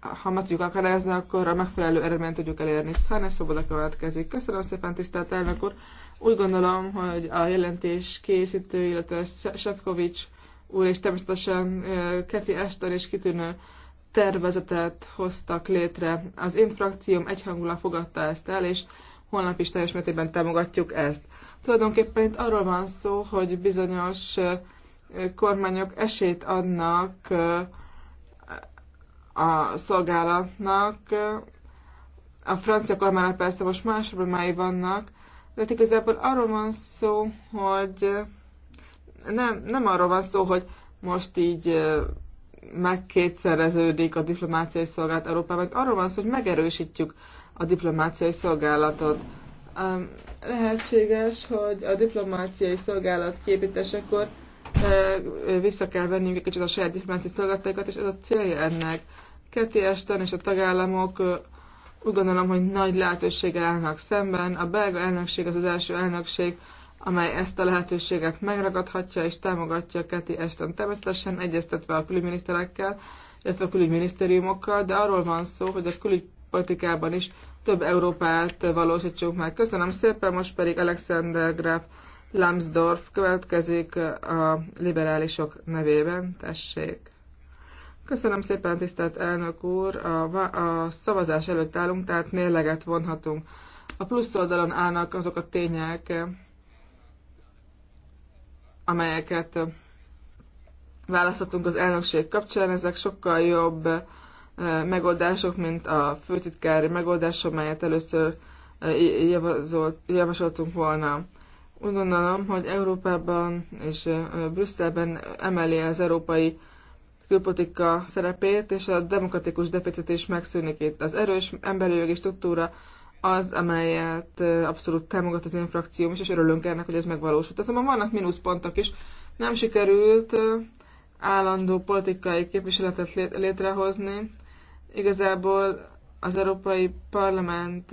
ha meg tudjuk akadályozni, akkor a megfelelő eredményt tudjuk elérni. Szárne Szoboda következik. Köszönöm szépen, tisztelt elnök úr! Úgy gondolom, hogy a jelentés készítő, illetve Sefkovics úr és természetesen Kefi Ashton és kitűnő tervezetet hoztak létre. Az én frakcióm egyhangulan fogadta ezt el, és holnap is teljes mértékben támogatjuk ezt. Tulajdonképpen itt arról van szó, hogy bizonyos kormányok esélyt adnak a szolgálatnak. A francia kormánynak persze most más problémái vannak, de igazából arról van szó, hogy nem, nem arról van szó, hogy most így megkétszereződik a diplomáciai szolgálat Európában, arról van szó, hogy megerősítjük a diplomáciai szolgálatot. Lehetséges, hogy a diplomáciai szolgálat képítésekor vissza kell vennünk egy kicsit a saját diplomáciai szolgálatokat, és ez a célja ennek. Keti Esten és a tagállamok úgy gondolom, hogy nagy lehetőséggel állnak szemben. A belga elnökség az az első elnökség, amely ezt a lehetőséget megragadhatja és támogatja Keti Esten természetesen egyeztetve a külügyminiszterekkel, illetve a külügyminisztériumokkal, de arról van szó, hogy a külügypolitikában is több Európát valósítsunk meg. Köszönöm szépen, most pedig Alexander Graf Lambsdorff következik a liberálisok nevében. Tessék! Köszönöm szépen, tisztelt elnök úr. A, a szavazás előtt állunk, tehát mérleget vonhatunk. A plusz oldalon állnak azok a tények, amelyeket választottunk az elnökség kapcsán. Ezek sokkal jobb eh, megoldások, mint a főtitkári megoldás, amelyet először eh, javazolt, javasoltunk volna. Úgy gondolom, hogy Európában és eh, Brüsszelben emeli az európai külpolitika szerepét, és a demokratikus deficit is megszűnik itt. Az erős emberi jogi struktúra az, amelyet abszolút támogat az én frakcióm is, és örülünk ennek, hogy ez megvalósult. Azonban vannak mínuszpontok is. Nem sikerült állandó politikai képviseletet létrehozni. Igazából az Európai Parlament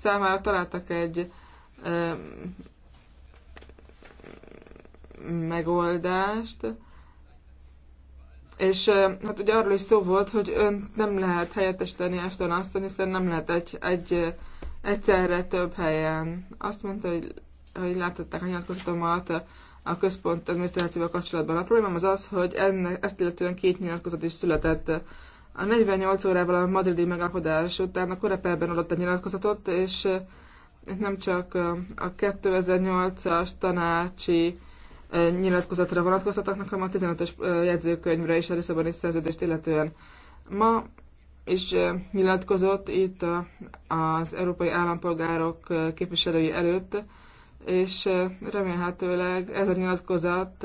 számára találtak egy megoldást, és hát ugye arról is szó volt, hogy ön nem lehet helyettesíteni Ashton azt, hiszen nem lehet egy, egy, egyszerre több helyen. Azt mondta, hogy, hogy láthatták a nyilatkozatomat a központ adminisztrációval kapcsolatban. A problémám az az, hogy enne, ezt illetően két nyilatkozat is született. A 48 órával a madridi megállapodás után a korepelben adott a nyilatkozatot, és nem csak a 2008-as tanácsi nyilatkozatra vonatkoztatnak, hanem a 15-ös jegyzőkönyvre és a Lisszaboni szerződést illetően. Ma is nyilatkozott itt az európai állampolgárok képviselői előtt, és remélhetőleg ez a nyilatkozat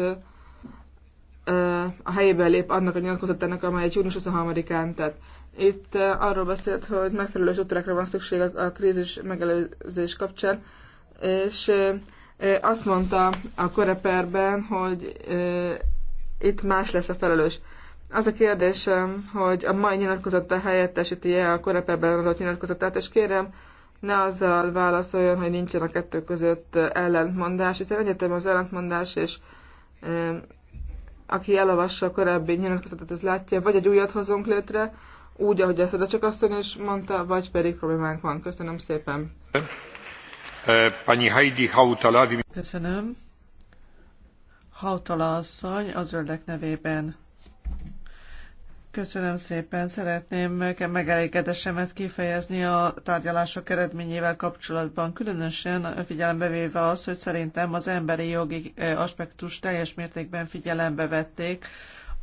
a helyében lép annak a nyilatkozatának, amely június 23-án tett. Itt arról beszélt, hogy megfelelő struktúrákra van szükség a krízis megelőzés kapcsán, és azt mondta a koreperben, hogy itt más lesz a felelős. Az a kérdésem, hogy a mai nyilatkozata helyettesíti-e a koreperben adott nyilatkozatát, és kérem, ne azzal válaszoljon, hogy nincsen a kettő között ellentmondás, hiszen egyetem az ellentmondás, és e, aki elolvassa a korábbi nyilatkozatot, az látja, vagy egy újat hozunk létre, úgy, ahogy ezt oda csak asszony is mondta, vagy pedig problémánk van. Köszönöm szépen. Pani Heidi Hautala. Köszönöm. Hautala asszony az ördög nevében. Köszönöm szépen. Szeretném megelégedésemet kifejezni a tárgyalások eredményével kapcsolatban, különösen figyelembe véve az, hogy szerintem az emberi jogi aspektus teljes mértékben figyelembe vették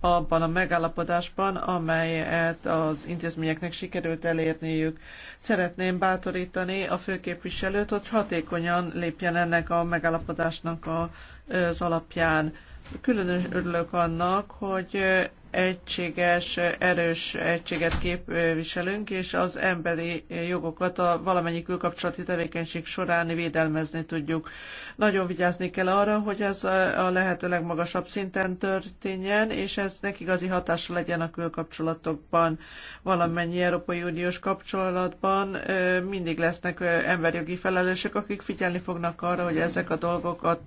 abban a megállapodásban, amelyet az intézményeknek sikerült elérniük. Szeretném bátorítani a főképviselőt, hogy hatékonyan lépjen ennek a megállapodásnak az alapján. Különös örülök annak, hogy egységes, erős egységet képviselünk, és az emberi jogokat a valamennyi külkapcsolati tevékenység során védelmezni tudjuk. Nagyon vigyázni kell arra, hogy ez a lehető legmagasabb szinten történjen, és ez neki igazi hatása legyen a külkapcsolatokban. Valamennyi Európai Uniós kapcsolatban mindig lesznek emberjogi felelősök, akik figyelni fognak arra, hogy ezek a dolgok a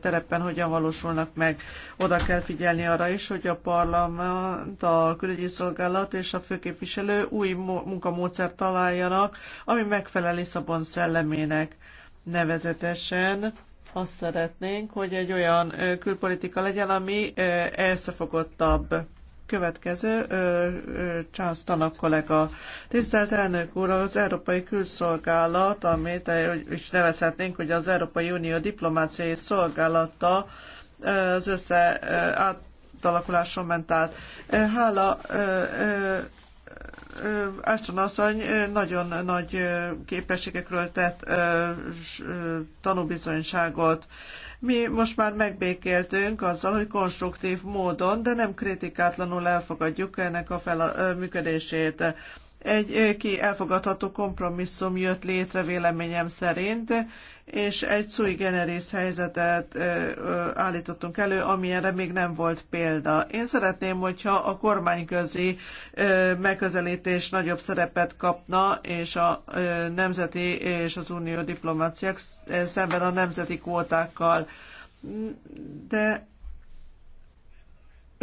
terepen hogyan valósulnak meg. Oda kell figyelni arra is, hogy a parlament parlament, a külügyi szolgálat és a főképviselő új munkamódszert találjanak, ami megfelel Lisszabon szellemének. Nevezetesen azt szeretnénk, hogy egy olyan külpolitika legyen, ami elszefogottabb. Következő Charles Tanak kollega. Tisztelt elnök úr, az Európai Külszolgálat, amit is nevezhetnénk, hogy az Európai Unió diplomáciai szolgálata, az össze át, átalakuláson ment át. Hála Ashton asszony nagyon nagy képességekről tett tanúbizonyságot. Mi most már megbékéltünk azzal, hogy konstruktív módon, de nem kritikátlanul elfogadjuk ennek a fel, működését. Egy ki elfogadható kompromisszum jött létre véleményem szerint, és egy sui generis helyzetet állítottunk elő, amilyenre még nem volt példa. Én szeretném, hogyha a kormányközi megközelítés nagyobb szerepet kapna, és a nemzeti és az unió diplomáciák szemben a nemzeti kvótákkal. De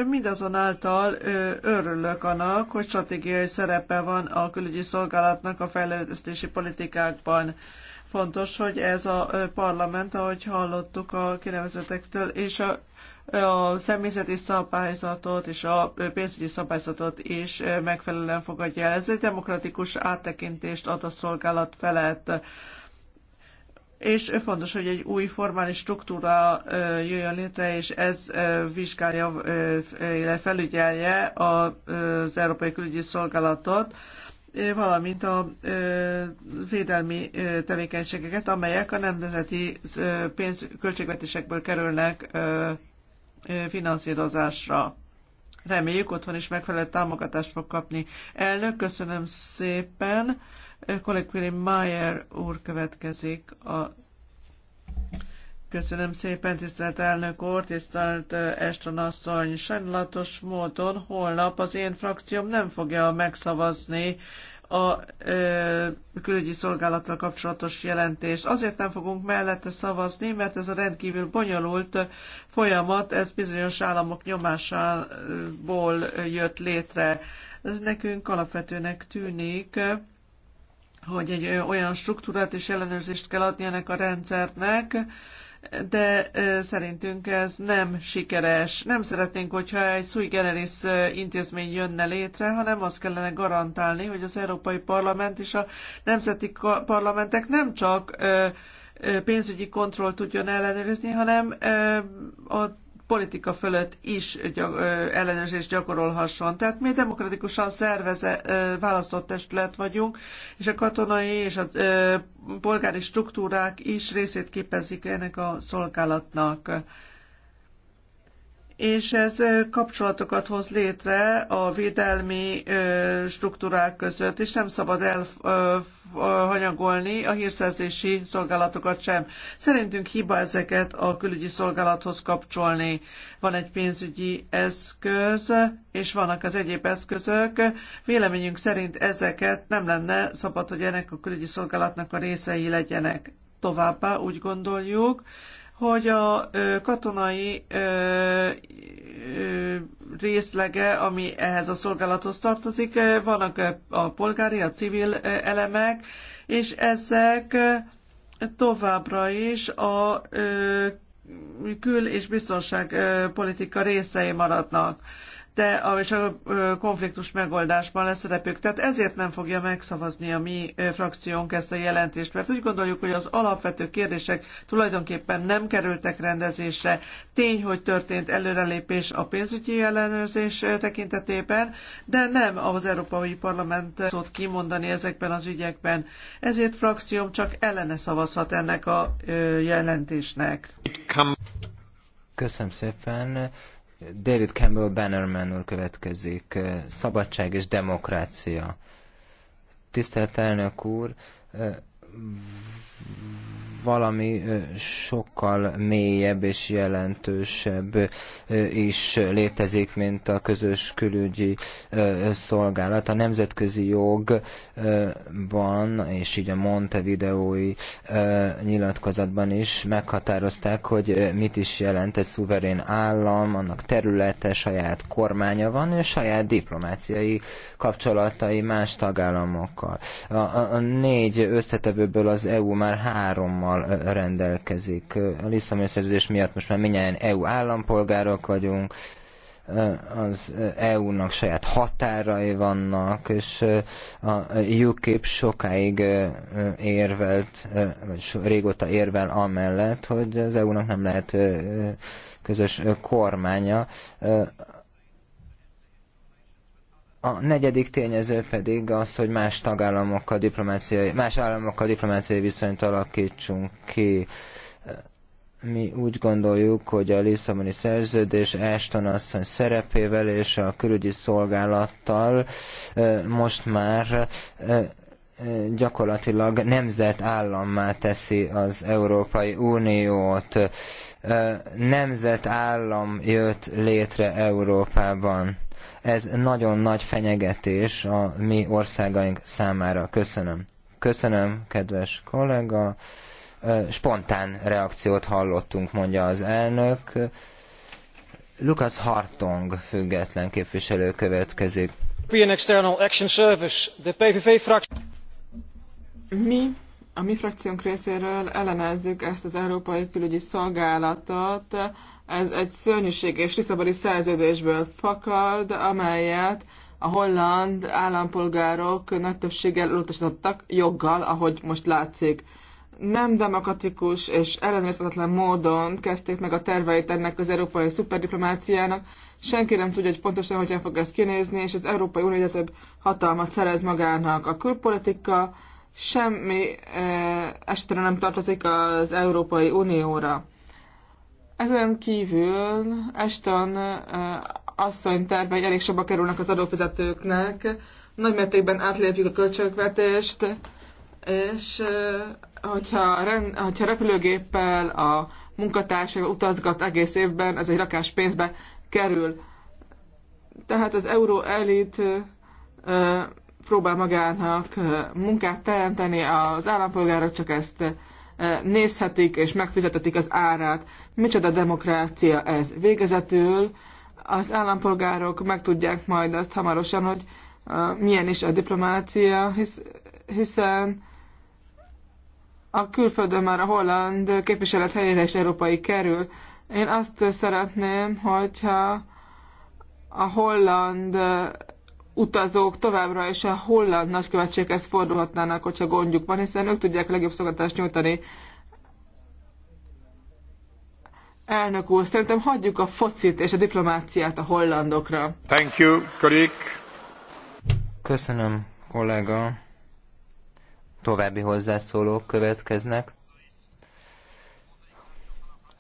Mindazonáltal örülök annak, hogy stratégiai szerepe van a külügyi szolgálatnak a fejlesztési politikákban. Fontos, hogy ez a parlament, ahogy hallottuk a kinevezetektől, és a a személyzeti szabályzatot és a pénzügyi szabályzatot is megfelelően fogadja el. Ez egy demokratikus áttekintést ad a szolgálat felett. És fontos, hogy egy új formális struktúra jöjjön létre, és ez vizsgálja, felügyelje az Európai Külügyi Szolgálatot, valamint a védelmi tevékenységeket, amelyek a nemzeti pénzköltségvetésekből kerülnek finanszírozásra. Reméljük otthon is megfelelő támogatást fog kapni. Elnök, köszönöm szépen. Kollégpéri Mayer úr következik a Köszönöm szépen, tisztelt elnök úr, tisztelt Eston asszony. Sajnálatos módon holnap az én frakcióm nem fogja megszavazni a ö, külügyi szolgálattal kapcsolatos jelentést. Azért nem fogunk mellette szavazni, mert ez a rendkívül bonyolult folyamat, ez bizonyos államok nyomásából jött létre. Ez nekünk alapvetőnek tűnik hogy egy olyan struktúrát és ellenőrzést kell adni ennek a rendszernek, de szerintünk ez nem sikeres. Nem szeretnénk, hogyha egy sui generis intézmény jönne létre, hanem azt kellene garantálni, hogy az Európai Parlament és a nemzeti parlamentek nem csak pénzügyi kontroll tudjon ellenőrizni, hanem a politika fölött is gyak, ellenőrzést gyakorolhasson. Tehát mi demokratikusan szerveze, választott testület vagyunk, és a katonai és a polgári struktúrák is részét képezik ennek a szolgálatnak és ez kapcsolatokat hoz létre a védelmi struktúrák között, és nem szabad elhanyagolni a hírszerzési szolgálatokat sem. Szerintünk hiba ezeket a külügyi szolgálathoz kapcsolni. Van egy pénzügyi eszköz, és vannak az egyéb eszközök. Véleményünk szerint ezeket nem lenne szabad, hogy ennek a külügyi szolgálatnak a részei legyenek. Továbbá úgy gondoljuk, hogy a katonai részlege, ami ehhez a szolgálathoz tartozik, vannak a polgári, a civil elemek, és ezek továbbra is a kül- és biztonságpolitika részei maradnak de és a konfliktus megoldásban lesz szerepük. Tehát ezért nem fogja megszavazni a mi frakciónk ezt a jelentést, mert úgy gondoljuk, hogy az alapvető kérdések tulajdonképpen nem kerültek rendezésre. Tény, hogy történt előrelépés a pénzügyi ellenőrzés tekintetében, de nem az Európai Parlament szót kimondani ezekben az ügyekben. Ezért frakcióm csak ellene szavazhat ennek a jelentésnek. Köszönöm szépen. David Campbell Bannerman úr következik. Eh, Szabadság és demokrácia. Tisztelt elnök úr, eh, valami sokkal mélyebb és jelentősebb is létezik, mint a közös külügyi szolgálat. A nemzetközi jogban, és így a Montevideói nyilatkozatban is meghatározták, hogy mit is jelent egy szuverén állam, annak területe, saját kormánya van, és saját diplomáciai kapcsolatai más tagállamokkal. A, a, a négy összetevőből az EU már hárommal joggal rendelkezik. A Lisszaboni szerződés miatt most már minnyáján EU állampolgárok vagyunk, az EU-nak saját határai vannak, és a UKIP sokáig érvelt, vagy régóta érvel amellett, hogy az EU-nak nem lehet közös kormánya. A negyedik tényező pedig az, hogy más tagállamokkal diplomáciai, más államokkal diplomáciai viszonyt alakítsunk ki. Mi úgy gondoljuk, hogy a Lisszaboni szerződés Ashton asszony szerepével és a külügyi szolgálattal most már gyakorlatilag nemzetállammá teszi az Európai Uniót. Nemzetállam jött létre Európában ez nagyon nagy fenyegetés a mi országaink számára. Köszönöm. Köszönöm, kedves kollega. Spontán reakciót hallottunk, mondja az elnök. Lukas Hartong független képviselő következik. External Action Service, de PVV frakció. Mi a mi frakciónk részéről ellenezzük ezt az Európai Külügyi Szolgálatot, ez egy és Lisszaboni szerződésből fakad, amelyet a holland állampolgárok nagy többséggel elutasítottak joggal, ahogy most látszik. Nem demokratikus és ellenőrizhetetlen módon kezdték meg a terveit ennek az európai szuperdiplomáciának. Senki nem tudja, hogy pontosan hogyan fog ez kinézni, és az Európai Unió több hatalmat szerez magának. A külpolitika semmi eh, esetre nem tartozik az Európai Unióra. Ezen kívül Eston asszony tervei elég sokba kerülnek az adófizetőknek, nagymértékben átlépjük a költségvetést, és hogyha, rend, hogyha repülőgéppel a munkatársa utazgat egész évben, ez egy rakás pénzbe kerül. Tehát az euró elit próbál magának munkát teremteni, az állampolgárok csak ezt nézhetik és megfizetetik az árát. Micsoda demokrácia ez végezetül. Az állampolgárok megtudják majd azt hamarosan, hogy milyen is a diplomácia, hisz, hiszen a külföldön már a holland képviselet helyére is európai kerül. Én azt szeretném, hogyha a holland utazók továbbra is a holland nagykövetséghez fordulhatnának, hogyha gondjuk van, hiszen ők tudják a legjobb szolgáltást nyújtani. Elnök úr, szerintem hagyjuk a focit és a diplomáciát a hollandokra. Thank you, kollég. Köszönöm, kollega. További hozzászólók következnek.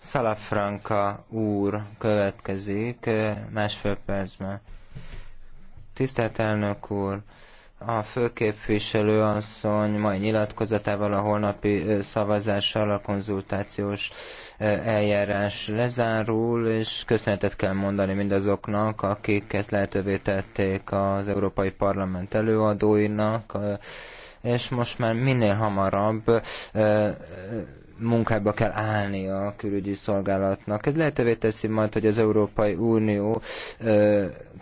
Salafranca úr következik másfél percben. Tisztelt elnök úr, a főképviselő asszony mai nyilatkozatával a holnapi szavazással a konzultációs eljárás lezárul, és köszönetet kell mondani mindazoknak, akik ezt lehetővé tették az Európai Parlament előadóinak, és most már minél hamarabb munkába kell állni a külügyi szolgálatnak. Ez lehetővé teszi majd, hogy az Európai Unió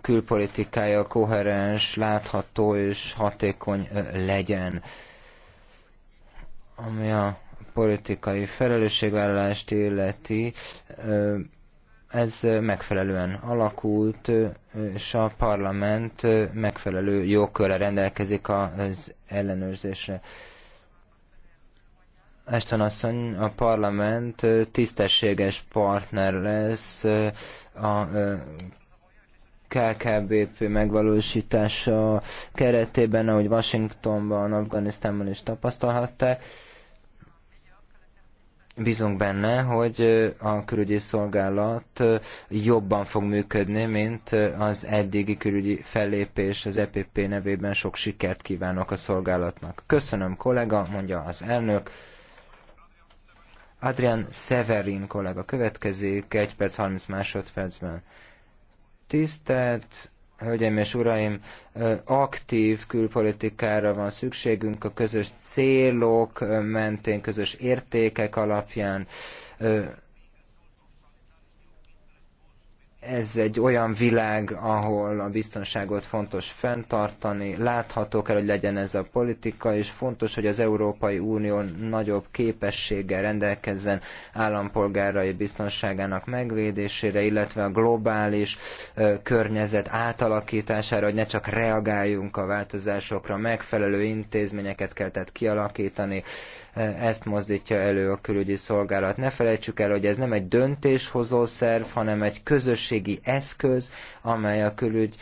külpolitikája koherens, látható és hatékony legyen. Ami a politikai felelősségvállalást illeti, ez megfelelően alakult, és a parlament megfelelő jogkörre rendelkezik az ellenőrzésre. Ashton asszony, a parlament tisztességes partner lesz a KKBP megvalósítása keretében, ahogy Washingtonban, Afganisztánban is tapasztalhatták. Bízunk benne, hogy a külügyi szolgálat jobban fog működni, mint az eddigi külügyi fellépés az EPP nevében. Sok sikert kívánok a szolgálatnak. Köszönöm, kollega, mondja az elnök. Adrian Severin kollega következik, 1 perc 30 másodpercben. Tisztelt Hölgyeim és Uraim, aktív külpolitikára van szükségünk a közös célok mentén, közös értékek alapján ez egy olyan világ, ahol a biztonságot fontos fenntartani, látható kell, hogy legyen ez a politika, és fontos, hogy az Európai Unió nagyobb képességgel rendelkezzen állampolgárai biztonságának megvédésére, illetve a globális ö, környezet átalakítására, hogy ne csak reagáljunk a változásokra, megfelelő intézményeket kell tehát kialakítani, ezt mozdítja elő a külügyi szolgálat. Ne felejtsük el, hogy ez nem egy döntéshozó szerv, hanem egy közösségi eszköz, amely a, külügy,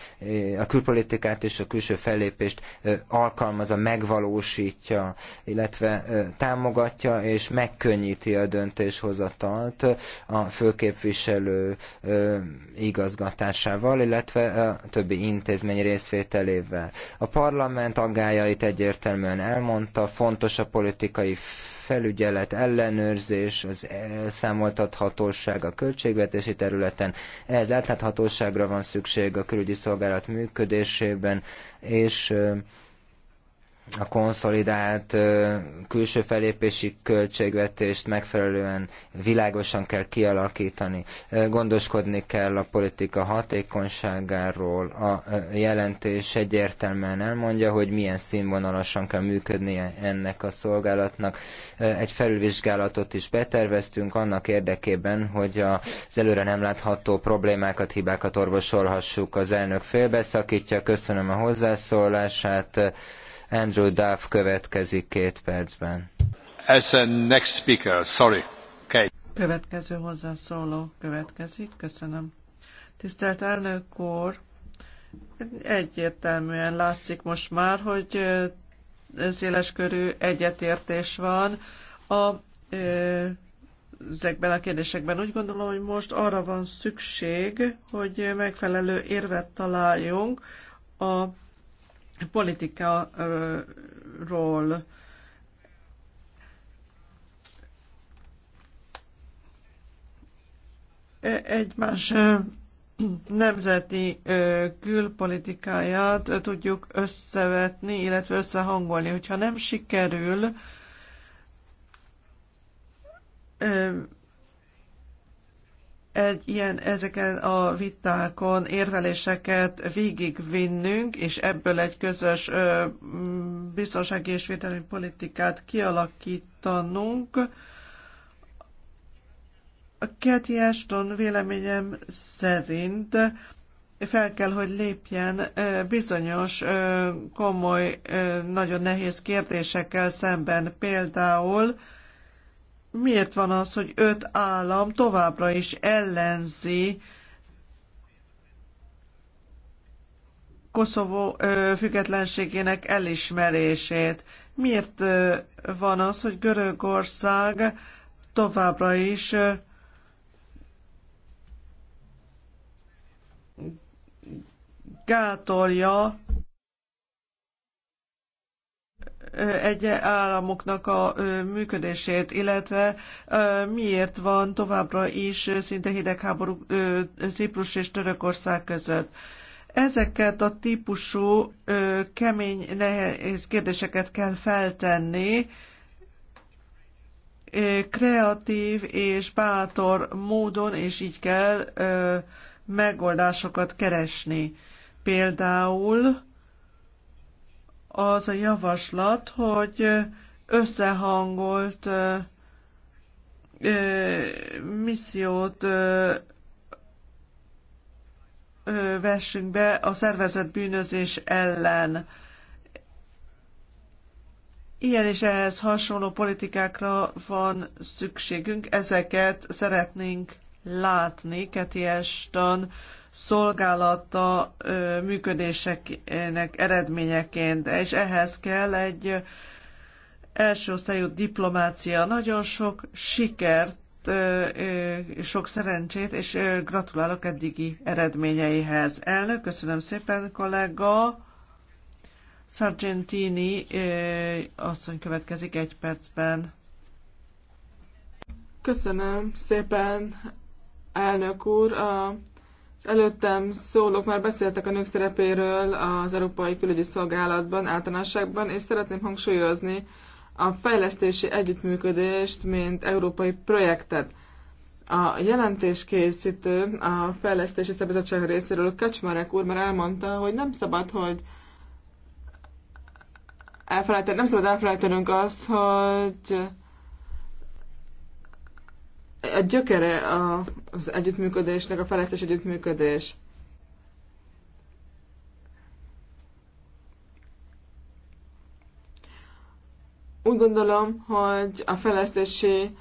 a külpolitikát és a külső fellépést alkalmazza, megvalósítja, illetve támogatja és megkönnyíti a döntéshozatalt a főképviselő igazgatásával, illetve a többi intézmény részvételével. A parlament aggájait egyértelműen elmondta, fontos a politikai felügyelet, ellenőrzés, az elszámoltathatóság a költségvetési területen, ehhez átláthatóságra van szükség a külügyi szolgálat működésében, és a konszolidált külső felépési költségvetést megfelelően világosan kell kialakítani. Gondoskodni kell a politika hatékonyságáról. A jelentés egyértelműen elmondja, hogy milyen színvonalasan kell működnie ennek a szolgálatnak. Egy felülvizsgálatot is beterveztünk annak érdekében, hogy az előre nem látható problémákat, hibákat orvosolhassuk. Az elnök félbeszakítja. Köszönöm a hozzászólását. Andrew Duff következik két percben. As a next speaker, sorry. Okay. Következő hozzászóló következik, köszönöm. Tisztelt elnök úr, egyértelműen látszik most már, hogy széleskörű egyetértés van a ezekben a kérdésekben. Úgy gondolom, hogy most arra van szükség, hogy megfelelő érvet találjunk a politikáról. Egymás nemzeti külpolitikáját tudjuk összevetni, illetve összehangolni. Hogyha nem sikerül, egy ilyen, ezeken a vitákon érveléseket végigvinnünk, és ebből egy közös ö, biztonsági és védelmi politikát kialakítanunk. A Keti Ashton véleményem szerint fel kell, hogy lépjen bizonyos komoly, nagyon nehéz kérdésekkel szemben, például miért van az, hogy öt állam továbbra is ellenzi Koszovó függetlenségének elismerését? Miért van az, hogy Görögország továbbra is gátolja egy államoknak a működését, illetve miért van továbbra is szinte hidegháború Ciprus és Törökország között. Ezeket a típusú kemény, nehéz kérdéseket kell feltenni, kreatív és bátor módon, és így kell megoldásokat keresni. Például az a javaslat, hogy összehangolt ö, missziót ö, ö, vessünk be a szervezett bűnözés ellen. Ilyen és ehhez hasonló politikákra van szükségünk, ezeket szeretnénk látni Keti Eston szolgálata működéseknek eredményeként, és ehhez kell egy első osztályú diplomácia. Nagyon sok sikert, sok szerencsét, és gratulálok eddigi eredményeihez. Elnök, köszönöm szépen, kollega. Sargentini asszony következik egy percben. Köszönöm szépen, elnök úr. A előttem szólók már beszéltek a nők szerepéről az Európai Külügyi Szolgálatban általánosságban, és szeretném hangsúlyozni a fejlesztési együttműködést, mint európai projektet. A jelentéskészítő a Fejlesztési szabadság részéről Kacsmarek úr már elmondta, hogy nem szabad, hogy elfelejtenünk, nem szabad elfelejtenünk azt, hogy a gyökere a, az együttműködésnek, a fejlesztés együttműködés. Úgy gondolom, hogy a fejlesztési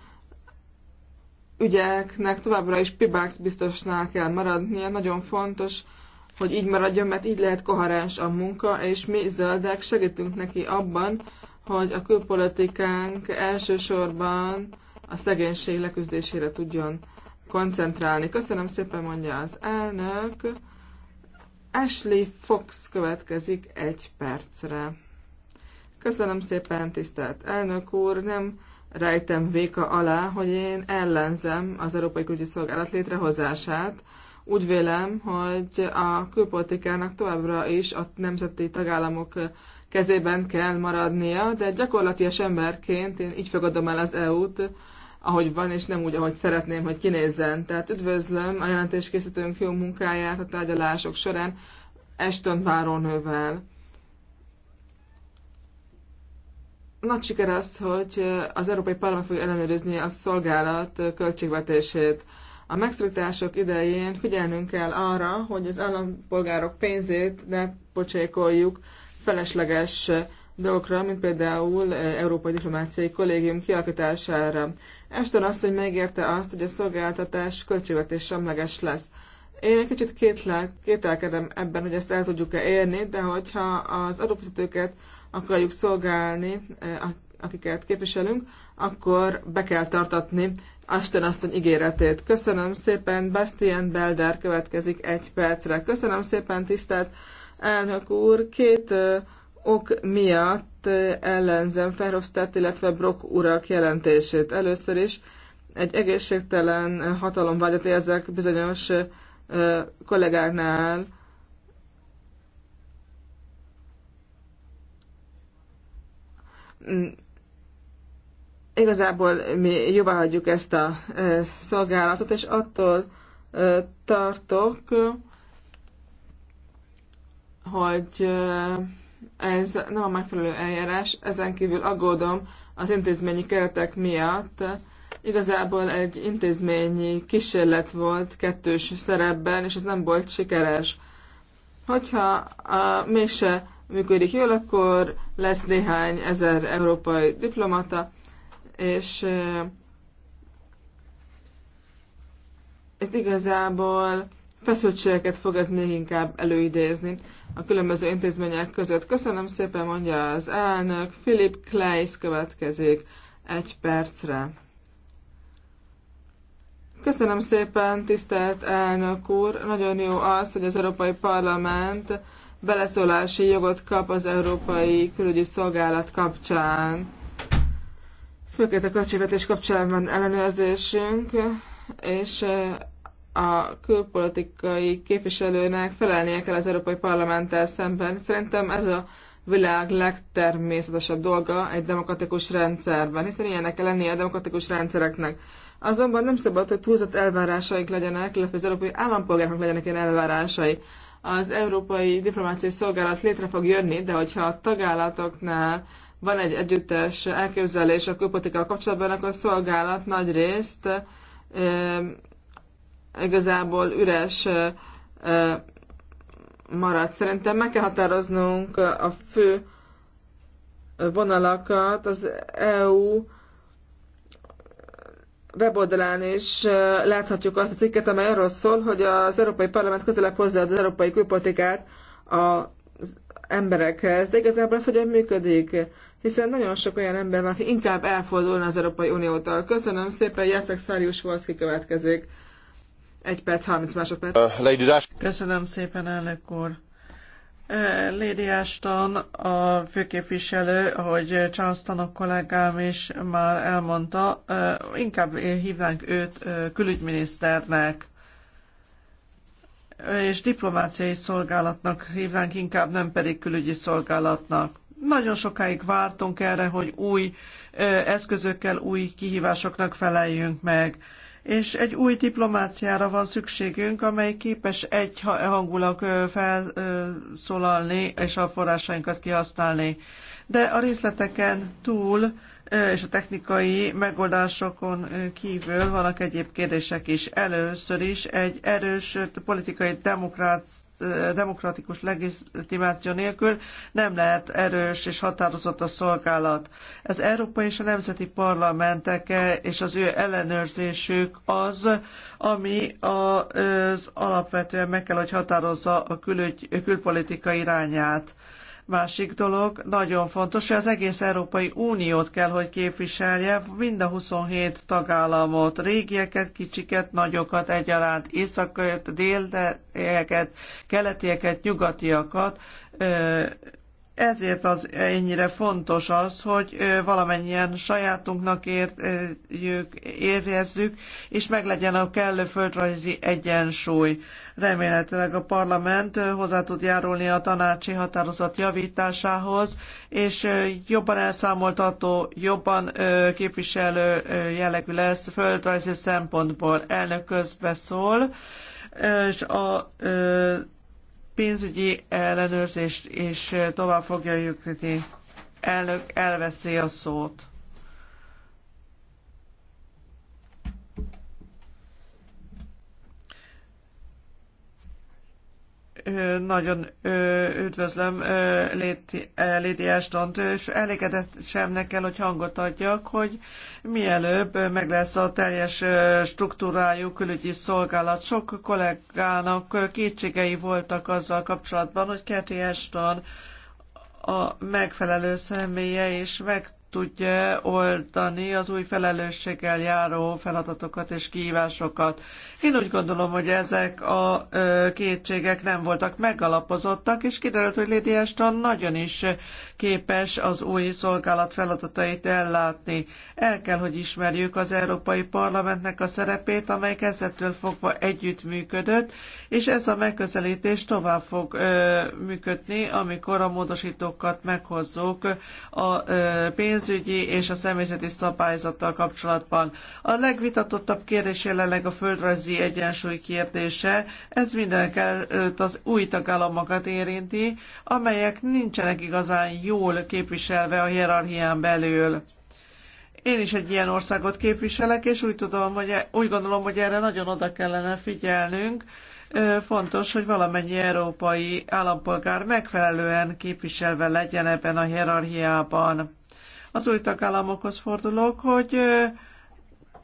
ügyeknek továbbra is PIBAX biztosnál kell maradnia. Nagyon fontos, hogy így maradjon, mert így lehet koherens a munka, és mi zöldek segítünk neki abban, hogy a külpolitikánk elsősorban a szegénység leküzdésére tudjon koncentrálni. Köszönöm szépen, mondja az elnök. Ashley Fox következik egy percre. Köszönöm szépen, tisztelt elnök úr, nem rejtem véka alá, hogy én ellenzem az Európai Külügyi Szolgálat létrehozását. Úgy vélem, hogy a külpolitikának továbbra is a nemzeti tagállamok kezében kell maradnia, de gyakorlatias emberként én így fogadom el az EU-t, ahogy van, és nem úgy, ahogy szeretném, hogy kinézzen. Tehát üdvözlöm a jelentéskészítőnk jó munkáját a tárgyalások során Eston Várónővel. Nagy siker az, hogy az Európai Parlament fogja ellenőrizni a szolgálat költségvetését. A megszorítások idején figyelnünk kell arra, hogy az állampolgárok pénzét ne pocsékoljuk felesleges dolgokra, mint például eh, Európai Diplomáciai Kollégium kialakítására. Ashton azt, hogy megérte azt, hogy a szolgáltatás költségvetés semleges lesz. Én egy kicsit kételkedem ebben, hogy ezt el tudjuk-e érni, de hogyha az adófizetőket akarjuk szolgálni, eh, akiket képviselünk, akkor be kell tartatni Ashton asszony ígéretét. Köszönöm szépen, Bastian Belder következik egy percre. Köszönöm szépen, tisztelt elnök úr. Két eh, ok miatt ellenzem Verhofstadt, illetve Brock urak jelentését. Először is egy egészségtelen hatalomvágyat érzek bizonyos kollégáknál, igazából mi jobban hagyjuk ezt a szolgálatot, és attól tartok, hogy ez nem a megfelelő eljárás, ezen kívül aggódom az intézményi keretek miatt. Igazából egy intézményi kísérlet volt kettős szerepben, és ez nem volt sikeres. Hogyha a, mégse működik jól, akkor lesz néhány ezer európai diplomata, és e, itt igazából feszültségeket fog ez még inkább előidézni a különböző intézmények között. Köszönöm szépen, mondja az elnök. Philip Kleis következik egy percre. Köszönöm szépen, tisztelt elnök úr! Nagyon jó az, hogy az Európai Parlament beleszólási jogot kap az Európai Külügyi Szolgálat kapcsán. Főként a költségvetés kapcsán van ellenőrzésünk, és a külpolitikai képviselőnek felelnie kell az Európai Parlamenttel szemben. Szerintem ez a világ legtermészetesebb dolga egy demokratikus rendszerben, hiszen ilyenek kell lennie a demokratikus rendszereknek. Azonban nem szabad, hogy túlzott elvárásaik legyenek, illetve az európai állampolgároknak legyenek ilyen elvárásai. Az Európai Diplomáciai Szolgálat létre fog jönni, de hogyha a tagállatoknál van egy együttes elképzelés a külpolitikával kapcsolatban, akkor a szolgálat nagy részt igazából üres maradt. Szerintem meg kell határoznunk a fő vonalakat az EU weboldalán is láthatjuk azt a cikket, amely arról szól, hogy az Európai Parlament közelebb hozza az európai külpolitikát az emberekhez. De igazából ez hogyan működik? Hiszen nagyon sok olyan ember van, aki inkább elfordulna az Európai Uniótól. Köszönöm szépen, Jacek Szárius Volszki következik. Egy perc, 30 másodperc. Uh, Lady Köszönöm szépen, elnök úr. Uh, Lady Ashton, a főképviselő, ahogy Charleston kollégám is már elmondta, uh, inkább hívnánk őt uh, külügyminiszternek és diplomáciai szolgálatnak hívnánk inkább, nem pedig külügyi szolgálatnak. Nagyon sokáig vártunk erre, hogy új eszközökkel, új kihívásoknak feleljünk meg és egy új diplomáciára van szükségünk, amely képes egy hangulag felszólalni és a forrásainkat kihasználni. De a részleteken túl és a technikai megoldásokon kívül vannak egyéb kérdések is. Először is egy erős politikai demokrácia demokratikus legitimáció nélkül nem lehet erős és határozott a szolgálat. Az Európai és a Nemzeti Parlamentek és az ő ellenőrzésük az, ami az alapvetően meg kell, hogy határozza a külügy, külpolitika irányát Másik dolog, nagyon fontos, hogy az egész Európai Uniót kell, hogy képviselje, mind a 27 tagállamot, régieket, kicsiket, nagyokat egyaránt, északieket, délieket, keletieket, nyugatiakat, ezért az ennyire fontos az, hogy valamennyien sajátunknak érjük, érezzük, és meglegyen a kellő földrajzi egyensúly. Remélhetőleg a parlament hozzá tud járulni a tanácsi határozat javításához, és jobban elszámoltató, jobban képviselő jellegű lesz földrajzi szempontból. Elnök közbeszól, és a pénzügyi ellenőrzést is eh, tovább fogja jüktetni. Elnök elveszi a szót. nagyon üdvözlöm Lady Ashtont, és elégedett semnek kell, hogy hangot adjak, hogy mielőbb meg lesz a teljes struktúrájú külügyi szolgálat. Sok kollégának kétségei voltak azzal kapcsolatban, hogy Keti Ashton a megfelelő személye, és meg tudja oldani az új felelősséggel járó feladatokat és kihívásokat. Én úgy gondolom, hogy ezek a kétségek nem voltak megalapozottak, és kiderült, hogy Lady Ashton nagyon is képes az új szolgálat feladatait ellátni. El kell, hogy ismerjük az Európai Parlamentnek a szerepét, amely kezdettől fogva együttműködött, és ez a megközelítés tovább fog ö, működni, amikor a módosítókat meghozzuk a ö, pénzügyi és a személyzeti szabályzattal kapcsolatban. A legvitatottabb kérdés jelenleg a földrajzi egyensúly kérdése. Ez mindenkelőtt az új tagállamokat érinti, amelyek nincsenek igazán jól képviselve a hierarchián belül. Én is egy ilyen országot képviselek, és úgy tudom, hogy e- úgy gondolom, hogy erre nagyon oda kellene figyelnünk. Fontos, hogy valamennyi európai állampolgár megfelelően képviselve legyen ebben a hierarchiában. Az új tagállamokhoz fordulok, hogy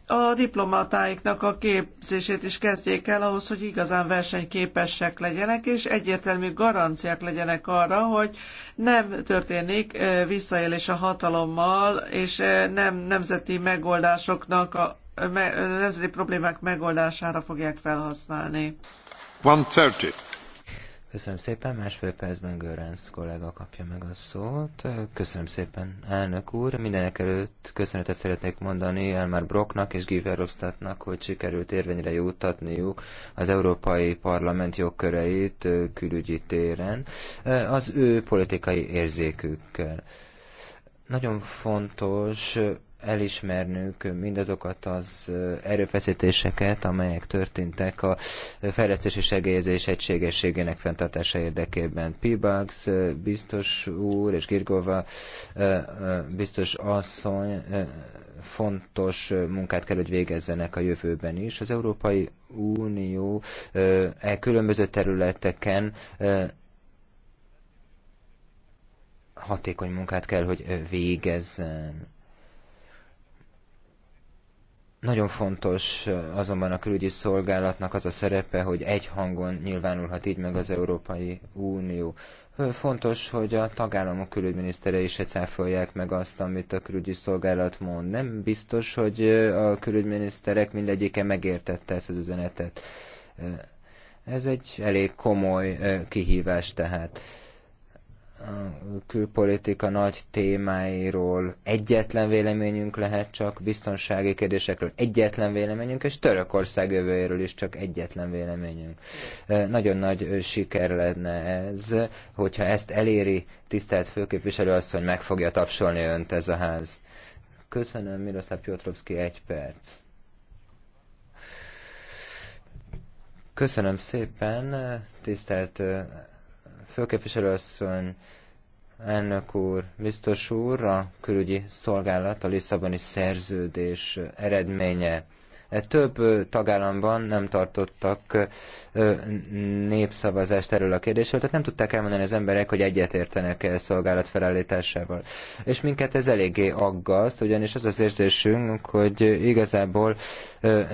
a diplomatáiknak a képzését is kezdjék el ahhoz, hogy igazán versenyképesek legyenek, és egyértelmű garanciák legyenek arra, hogy nem történik visszaélés a hatalommal, és nem nemzeti megoldásoknak, a, nemzeti problémák megoldására fogják felhasználni. 130. Köszönöm szépen, másfél percben Görenc kollega kapja meg a szót. Köszönöm szépen, elnök úr. Mindenek előtt köszönetet szeretnék mondani Elmar Brocknak és Guy Verhofstadtnak, hogy sikerült érvényre juttatniuk az Európai Parlament jogköreit külügyi téren az ő politikai érzékükkel. Nagyon fontos elismernünk mindazokat az erőfeszítéseket, amelyek történtek a fejlesztési segélyezés egységességének fenntartása érdekében. Pibax biztos úr és Girgova biztos asszony fontos munkát kell, hogy végezzenek a jövőben is. Az Európai Unió e különböző területeken hatékony munkát kell, hogy végezzen nagyon fontos azonban a külügyi szolgálatnak az a szerepe, hogy egy hangon nyilvánulhat így meg az Európai Unió. Fontos, hogy a tagállamok külügyminisztere is cáfolják meg azt, amit a külügyi szolgálat mond. Nem biztos, hogy a külügyminiszterek mindegyike megértette ezt az üzenetet. Ez egy elég komoly kihívás tehát külpolitika nagy témáiról egyetlen véleményünk lehet csak, biztonsági kérdésekről egyetlen véleményünk, és Törökország jövőjéről is csak egyetlen véleményünk. Nagyon nagy siker lenne ez, hogyha ezt eléri tisztelt főképviselő asszony, meg fogja tapsolni önt ez a ház. Köszönöm, Miroslav Piotrowski, egy perc. Köszönöm szépen, tisztelt Főképviselő asszony, elnök úr, biztos úr, a külügyi szolgálat a Lisszaboni szerződés eredménye. E több tagállamban nem tartottak népszavazást erről a kérdésről, tehát nem tudták elmondani az emberek, hogy egyetértenek-e a szolgálat felállításával. És minket ez eléggé aggaszt, ugyanis az az érzésünk, hogy igazából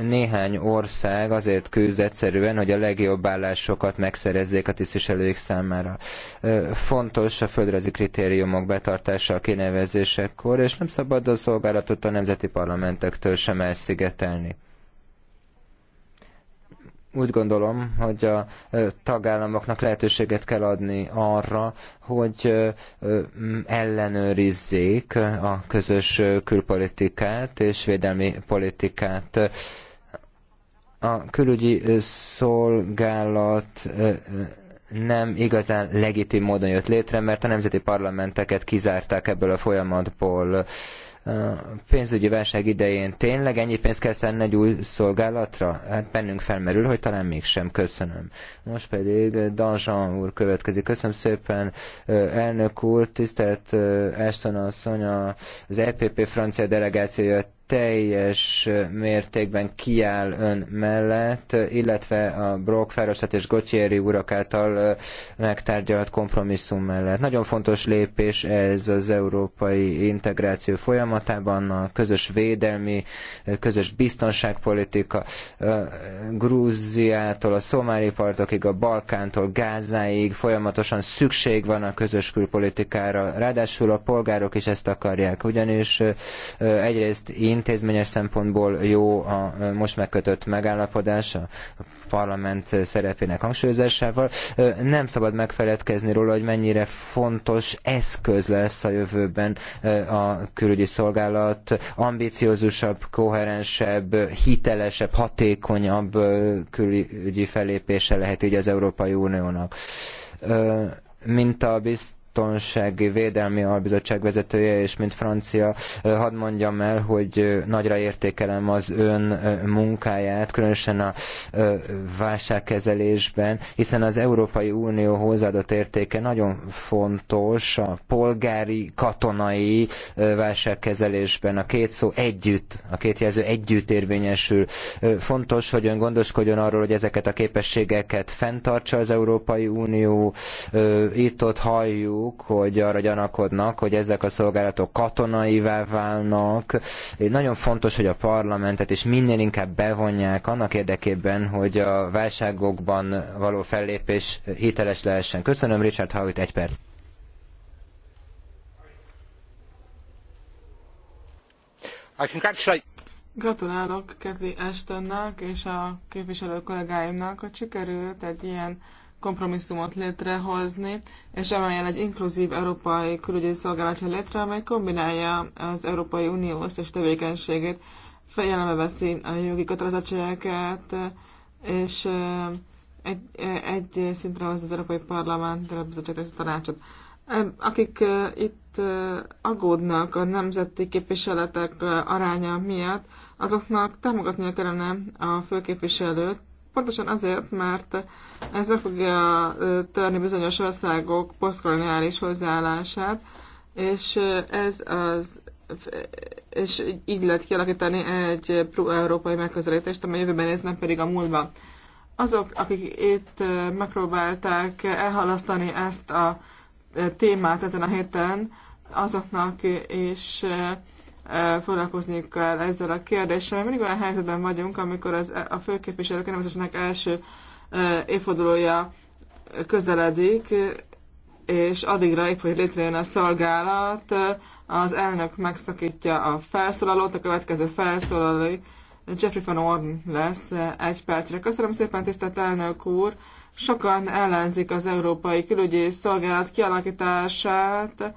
néhány ország azért küzd egyszerűen, hogy a legjobb állásokat megszerezzék a tisztviselőik számára. Fontos a földrajzi kritériumok betartása a kinevezésekor, és nem szabad a szolgálatot a nemzeti parlamentektől sem elszigetelni úgy gondolom, hogy a tagállamoknak lehetőséget kell adni arra, hogy ellenőrizzék a közös külpolitikát és védelmi politikát. A külügyi szolgálat nem igazán legitim módon jött létre, mert a nemzeti parlamenteket kizárták ebből a folyamatból pénzügyi válság idején tényleg ennyi pénzt kell szenni egy új szolgálatra? Hát bennünk felmerül, hogy talán mégsem. Köszönöm. Most pedig Danzsan úr következik. Köszönöm szépen, elnök úr, tisztelt Ashton asszony, az EPP francia delegáció jött teljes mértékben kiáll ön mellett, illetve a Brock, Ferosat és Gottieri urak által megtárgyalt kompromisszum mellett. Nagyon fontos lépés ez az európai integráció folyamatában, a közös védelmi, közös biztonságpolitika Grúziától, a szomári partokig, a Balkántól, Gázáig folyamatosan szükség van a közös külpolitikára. Ráadásul a polgárok is ezt akarják, ugyanis egyrészt Intézményes szempontból jó a most megkötött megállapodás a parlament szerepének hangsúlyozásával. Nem szabad megfeledkezni róla, hogy mennyire fontos eszköz lesz a jövőben a külügyi szolgálat, ambiciózusabb, koherensebb, hitelesebb, hatékonyabb külügyi fellépése lehet így az Európai Uniónak. Mint a bizt Katonasági Védelmi Albizottság vezetője, és mint francia, hadd mondjam el, hogy nagyra értékelem az ön munkáját, különösen a válságkezelésben, hiszen az Európai Unió hozzáadott értéke nagyon fontos a polgári, katonai válságkezelésben. A két szó együtt, a két jelző együtt érvényesül. Fontos, hogy ön gondoskodjon arról, hogy ezeket a képességeket fenntartsa az Európai Unió. Itt-ott halljuk, halljuk, hogy arra gyanakodnak, hogy ezek a szolgálatok katonaivá válnak. Nagyon fontos, hogy a parlamentet is minél inkább bevonják annak érdekében, hogy a válságokban való fellépés hiteles lehessen. Köszönöm, Richard Howitt, egy perc. Gratulálok Kathy Ashtonnak és a képviselő kollégáimnak, hogy sikerült egy ilyen kompromisszumot létrehozni, és emeljen egy inkluzív európai külügyi szolgálatja létre, amely kombinálja az Európai Unió összes tevékenységét, figyelembe veszi a jogi kötelezettségeket, és egy, egy szintre hoz az Európai Parlament, a bizottság és a tanácsot. Akik itt aggódnak a nemzeti képviseletek aránya miatt, azoknak támogatnia kellene a főképviselőt, Pontosan azért, mert ez meg fogja törni bizonyos országok posztkoloniális hozzáállását, és ez az és így lehet kialakítani egy európai megközelítést, amely jövőben néz, nem pedig a múltban. Azok, akik itt megpróbálták elhalasztani ezt a témát ezen a héten, azoknak is foglalkozni kell ezzel a kérdéssel, mert mindig olyan helyzetben vagyunk, amikor az, a főképviselők nemzetesnek első évfordulója közeledik, és addigra épp, hogy létrejön a szolgálat, az elnök megszakítja a felszólalót, a következő felszólaló Jeffrey van Orn lesz egy percre. Köszönöm szépen, tisztelt elnök úr! Sokan ellenzik az Európai Külügyi Szolgálat kialakítását,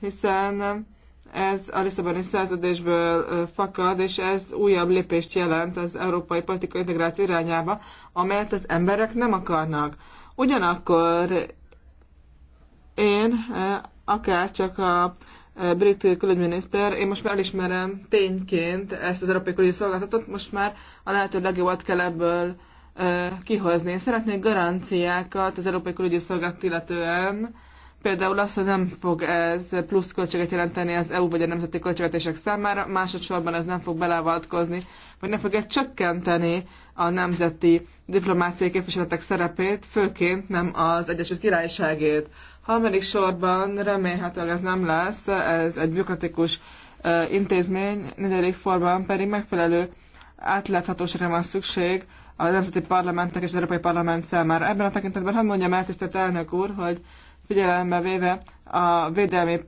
hiszen ez a Lisszaboni szerződésből fakad, és ez újabb lépést jelent az európai politikai integráció irányába, amelyet az emberek nem akarnak. Ugyanakkor én, akár csak a brit külügyminiszter, én most már elismerem tényként ezt az Európai Külügyi Szolgáltatot, most már a lehető legjobbat kell ebből kihozni. Én szeretnék garanciákat az Európai Külügyi Szolgáltat illetően, Például az, hogy nem fog ez plusz költséget jelenteni az EU vagy a nemzeti költségvetések számára, másodszorban ez nem fog beleavatkozni, vagy nem fogja csökkenteni a nemzeti diplomáciai képviseletek szerepét, főként nem az Egyesült Királyságét. Harmadik sorban remélhetőleg ez nem lesz, ez egy bürokratikus intézmény, negyedik formában pedig megfelelő átláthatóságra van szükség a nemzeti parlamentek és az Európai Parlament számára. Ebben a tekintetben hadd mondjam el, tisztelt elnök úr, hogy figyelembe véve a védelmi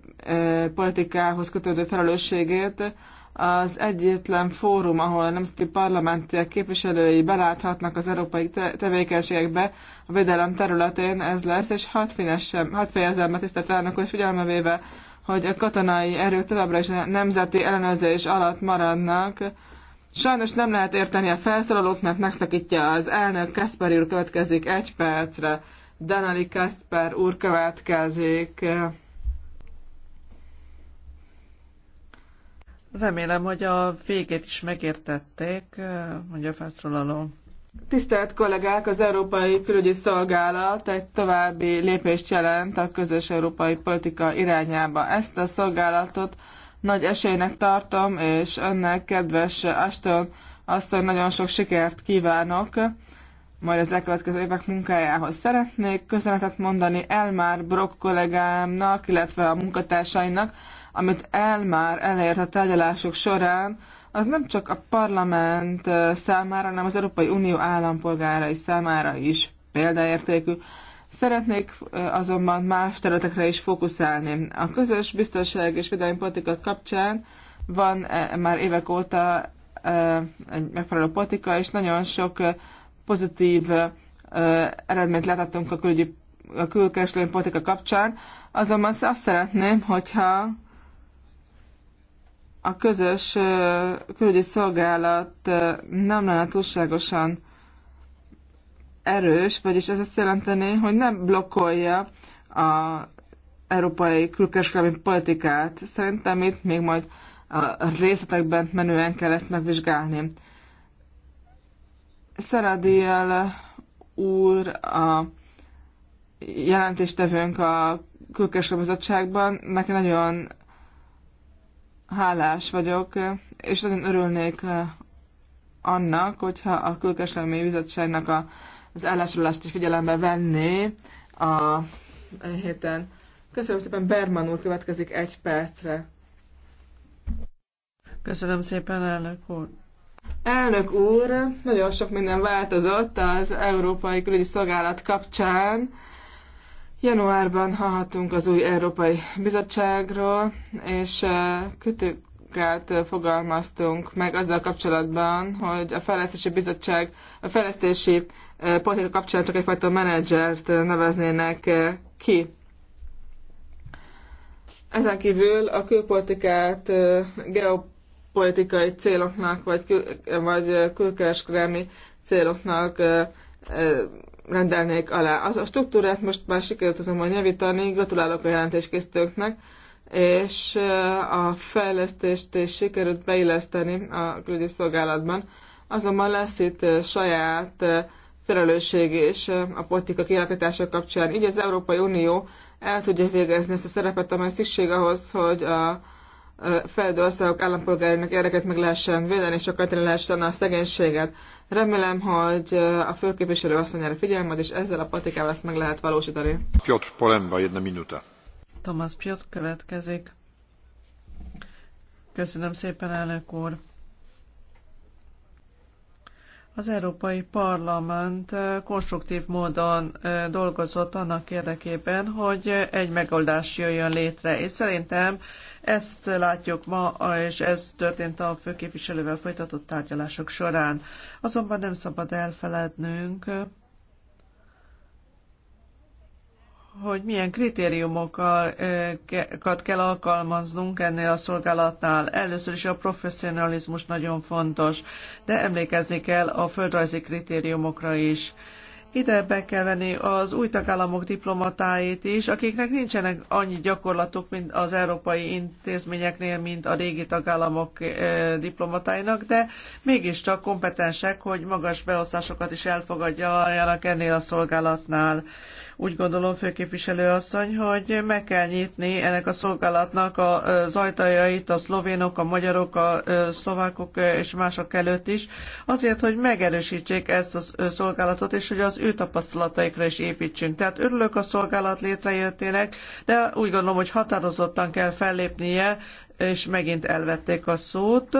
politikához kötődő felelősségét, az egyetlen fórum, ahol a nemzeti parlamentiek képviselői beláthatnak az európai te- tevékenységekbe a védelem területén, ez lesz, és hadd, finessem, hadd fejezem be tisztelt elnök, hogy figyelme véve, hogy a katonai erők továbbra is a nemzeti ellenőrzés alatt maradnak, Sajnos nem lehet érteni a felszólalót, mert megszakítja az elnök. Kaspari úr következik egy percre. Danali Kasper úr következik. Remélem, hogy a végét is megértették, mondja a felszólaló. Tisztelt kollégák, az Európai Külügyi Szolgálat egy további lépést jelent a közös európai politika irányába. Ezt a szolgálatot nagy esélynek tartom, és önnek, kedves Aston hogy nagyon sok sikert kívánok majd az elkövetkező évek munkájához. Szeretnék köszönetet mondani Elmár Brock kollégámnak, illetve a munkatársainak, amit Elmár elért a tárgyalások során, az nem csak a parlament számára, hanem az Európai Unió állampolgárai számára is példaértékű. Szeretnék azonban más területekre is fókuszálni. A közös biztonság és védelmi politika kapcsán van e, már évek óta egy megfelelő politika, és nagyon sok pozitív eredményt láthatunk a, külügyi, a külkereskedelmi politika kapcsán, azonban azt szeretném, hogyha a közös külügyi szolgálat nem lenne túlságosan erős, vagyis ez azt jelenteni, hogy nem blokkolja a európai külkereskedelmi politikát. Szerintem itt még majd a részletekben menően kell ezt megvizsgálni. Szeradiel úr, a jelentéstevőnk a külkereskedelmi bizottságban, neki nagyon hálás vagyok, és nagyon örülnék eh, annak, hogyha a külkeslemi bizottságnak a, az állásrólást is figyelembe venné a e héten. Köszönöm szépen, Berman úr következik egy percre. Köszönöm szépen, elnök úr. Elnök úr, nagyon sok minden változott az Európai Külügyi Szolgálat kapcsán. Januárban hallhattunk az új Európai Bizottságról, és kritikát fogalmaztunk meg azzal kapcsolatban, hogy a Fejlesztési Bizottság, a fejlesztési politika kapcsán csak egyfajta menedzsert neveznének ki. Ezen kívül a külpolitikát, geop politikai céloknak, vagy, kül- vagy külkereskedelmi céloknak rendelnék alá. Az a struktúrát most már sikerült azonban javítani, gratulálok a jelentéskészítőknek, és a fejlesztést is sikerült beilleszteni a külügyi szolgálatban. Azonban lesz itt saját felelősség és a politika kialakítása kapcsán. Így az Európai Unió el tudja végezni ezt a szerepet, amely szükség ahhoz, hogy a fejlődő országok állampolgárainak érdeket meg lehessen védeni, és csökkenteni lehessen a szegénységet. Remélem, hogy a főképviselő asszony erre figyelmet, és ezzel a patikával ezt meg lehet valósítani. Piotr Polemba, egy minuta. Thomas Piotr következik. Köszönöm szépen, elnök úr. Az Európai Parlament konstruktív módon dolgozott annak érdekében, hogy egy megoldás jöjjön létre, és szerintem ezt látjuk ma, és ez történt a főképviselővel folytatott tárgyalások során. Azonban nem szabad elfelednünk, hogy milyen kritériumokat kell alkalmaznunk ennél a szolgálatnál. Először is a professzionalizmus nagyon fontos, de emlékezni kell a földrajzi kritériumokra is ide be kell venni az új tagállamok diplomatáit is, akiknek nincsenek annyi gyakorlatuk mint az európai intézményeknél, mint a régi tagállamok eh, diplomatáinak, de mégiscsak kompetensek, hogy magas beosztásokat is elfogadjanak ennél a szolgálatnál. Úgy gondolom, főképviselő asszony, hogy meg kell nyitni ennek a szolgálatnak az ajtajait a szlovénok, a magyarok, a szlovákok és mások előtt is, azért, hogy megerősítsék ezt a szolgálatot, és hogy az ő tapasztalataikra is építsünk. Tehát örülök a szolgálat létrejöttének, de úgy gondolom, hogy határozottan kell fellépnie, és megint elvették a szót.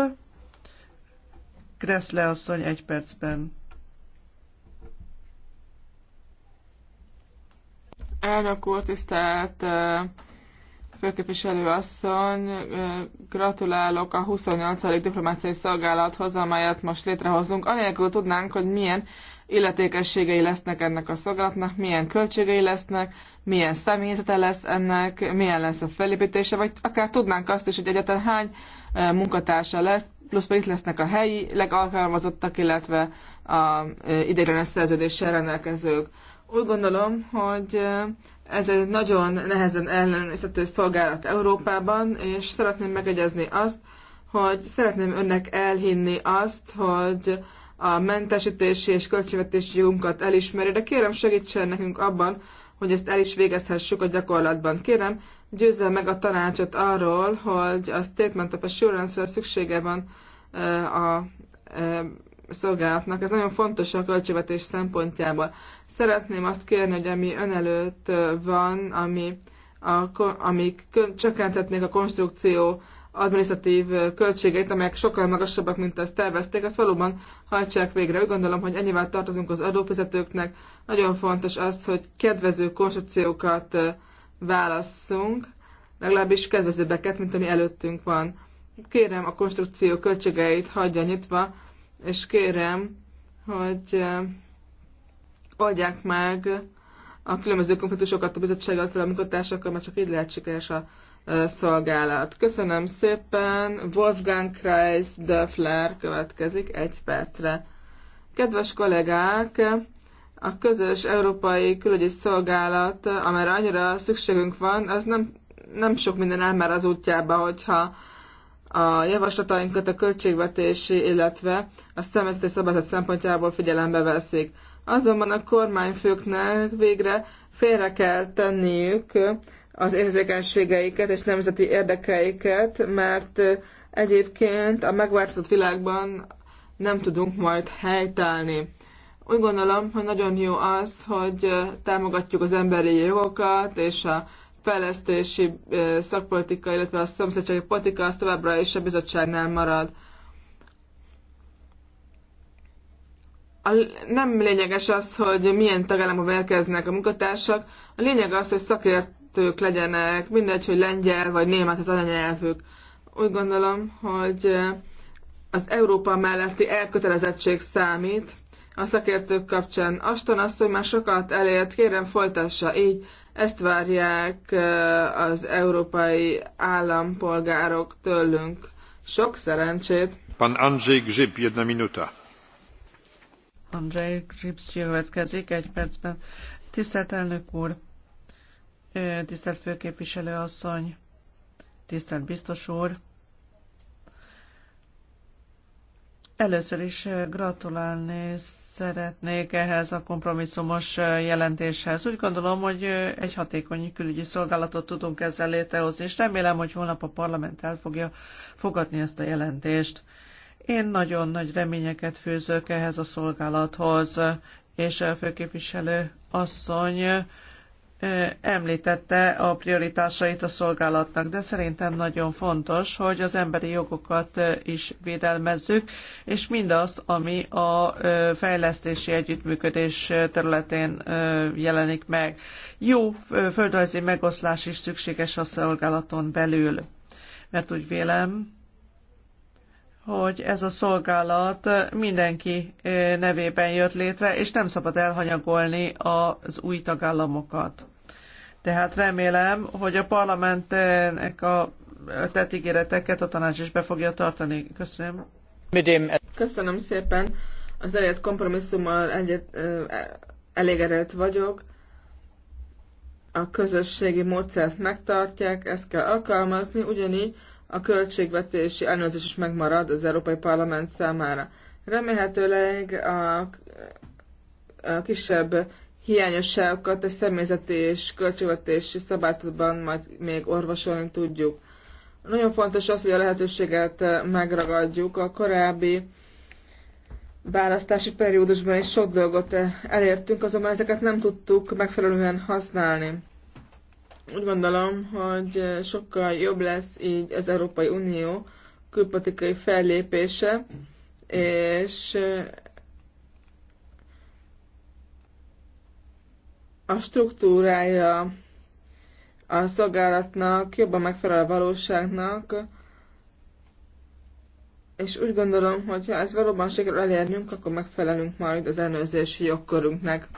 Kreszle asszony egy percben. Elnök úr, tisztelt főképviselő asszony, gratulálok a 28. diplomáciai szolgálathoz, amelyet most létrehozunk. Anélkül tudnánk, hogy milyen illetékességei lesznek ennek a szolgálatnak, milyen költségei lesznek, milyen személyzete lesz ennek, milyen lesz a felépítése, vagy akár tudnánk azt is, hogy egyetlen hány munkatársa lesz, plusz pedig itt lesznek a helyi legalkalmazottak, illetve a ideiglenes szerződéssel rendelkezők. Úgy gondolom, hogy ez egy nagyon nehezen ellenőrizhető szolgálat Európában, és szeretném megegyezni azt, hogy szeretném önnek elhinni azt, hogy a mentesítési és költségvetési jogunkat elismeri, de kérem segítsen nekünk abban, hogy ezt el is végezhessük a gyakorlatban. Kérem, győzze meg a tanácsot arról, hogy a Statement of Assurance-re szüksége van a szolgálatnak. Ez nagyon fontos a költségvetés szempontjából. Szeretném azt kérni, hogy ami ön előtt van, ami, a, ami csökkentetnék a konstrukció adminisztratív költségeit, amelyek sokkal magasabbak, mint ezt tervezték, azt valóban hajtsák végre. Úgy gondolom, hogy ennyivel tartozunk az adófizetőknek. Nagyon fontos az, hogy kedvező konstrukciókat válasszunk, legalábbis kedvezőbbeket, mint ami előttünk van. Kérem a konstrukció költségeit hagyja nyitva, és kérem, hogy eh, oldják meg a különböző konfliktusokat a bizottsággal, a munkatársakkal, mert csak így lehet sikeres a eh, szolgálat. Köszönöm szépen, Wolfgang Kreis Döfler következik egy percre. Kedves kollégák, a közös európai külügyi szolgálat, amelyre annyira szükségünk van, az nem, nem sok minden áll már az útjába, hogyha a javaslatainkat a költségvetési, illetve a szemezeti szabályzat szempontjából figyelembe veszik. Azonban a kormányfőknek végre félre kell tenniük az érzékenységeiket és nemzeti érdekeiket, mert egyébként a megváltozott világban nem tudunk majd helytállni. Úgy gondolom, hogy nagyon jó az, hogy támogatjuk az emberi jogokat és a fejlesztési szakpolitika, illetve a szomszédsági politika az továbbra is a bizottságnál marad. A, nem lényeges az, hogy milyen tagállamok érkeznek a munkatársak, a lényeg az, hogy szakértők legyenek, mindegy, hogy lengyel vagy német az anyanyelvük. Úgy gondolom, hogy az Európa melletti elkötelezettség számít, a szakértők kapcsán. Aston asszony már sokat elért, kérem folytassa így ezt várják az európai állampolgárok tőlünk. Sok szerencsét! Pan Andrzej Grzyb, jedna minuta. Andrzej Grzyb következik egy percben. Tisztelt elnök úr, tisztelt főképviselő asszony, tisztelt biztos úr, Először is gratulálni szeretnék ehhez a kompromisszumos jelentéshez. Úgy gondolom, hogy egy hatékony külügyi szolgálatot tudunk ezzel létrehozni, és remélem, hogy holnap a parlament el fogja fogadni ezt a jelentést. Én nagyon nagy reményeket fűzök ehhez a szolgálathoz, és a főképviselő asszony említette a prioritásait a szolgálatnak, de szerintem nagyon fontos, hogy az emberi jogokat is védelmezzük, és mindazt, ami a fejlesztési együttműködés területén jelenik meg. Jó földrajzi megoszlás is szükséges a szolgálaton belül, mert úgy vélem, hogy ez a szolgálat mindenki nevében jött létre, és nem szabad elhanyagolni az új tagállamokat. Tehát remélem, hogy a parlamentnek a tett ígéreteket a tanács is be fogja tartani. Köszönöm. Köszönöm szépen. Az elért kompromisszummal egyet, elégedett vagyok. A közösségi módszert megtartják, ezt kell alkalmazni, ugyanígy a költségvetési ellenőrzés is megmarad az Európai Parlament számára. Remélhetőleg a, a kisebb hiányosságokat a személyzeti és költségvetési szabályzatban majd még orvosolni tudjuk. Nagyon fontos az, hogy a lehetőséget eh, megragadjuk. A korábbi választási periódusban is sok dolgot eh, elértünk, azonban ezeket nem tudtuk megfelelően használni. Úgy gondolom, hogy eh, sokkal jobb lesz így az Európai Unió külpolitikai fellépése, és a struktúrája a szolgálatnak jobban megfelel a valóságnak, és úgy gondolom, hogy ha ez valóban sikerül elérnünk, akkor megfelelünk majd az előzési jogkörünknek.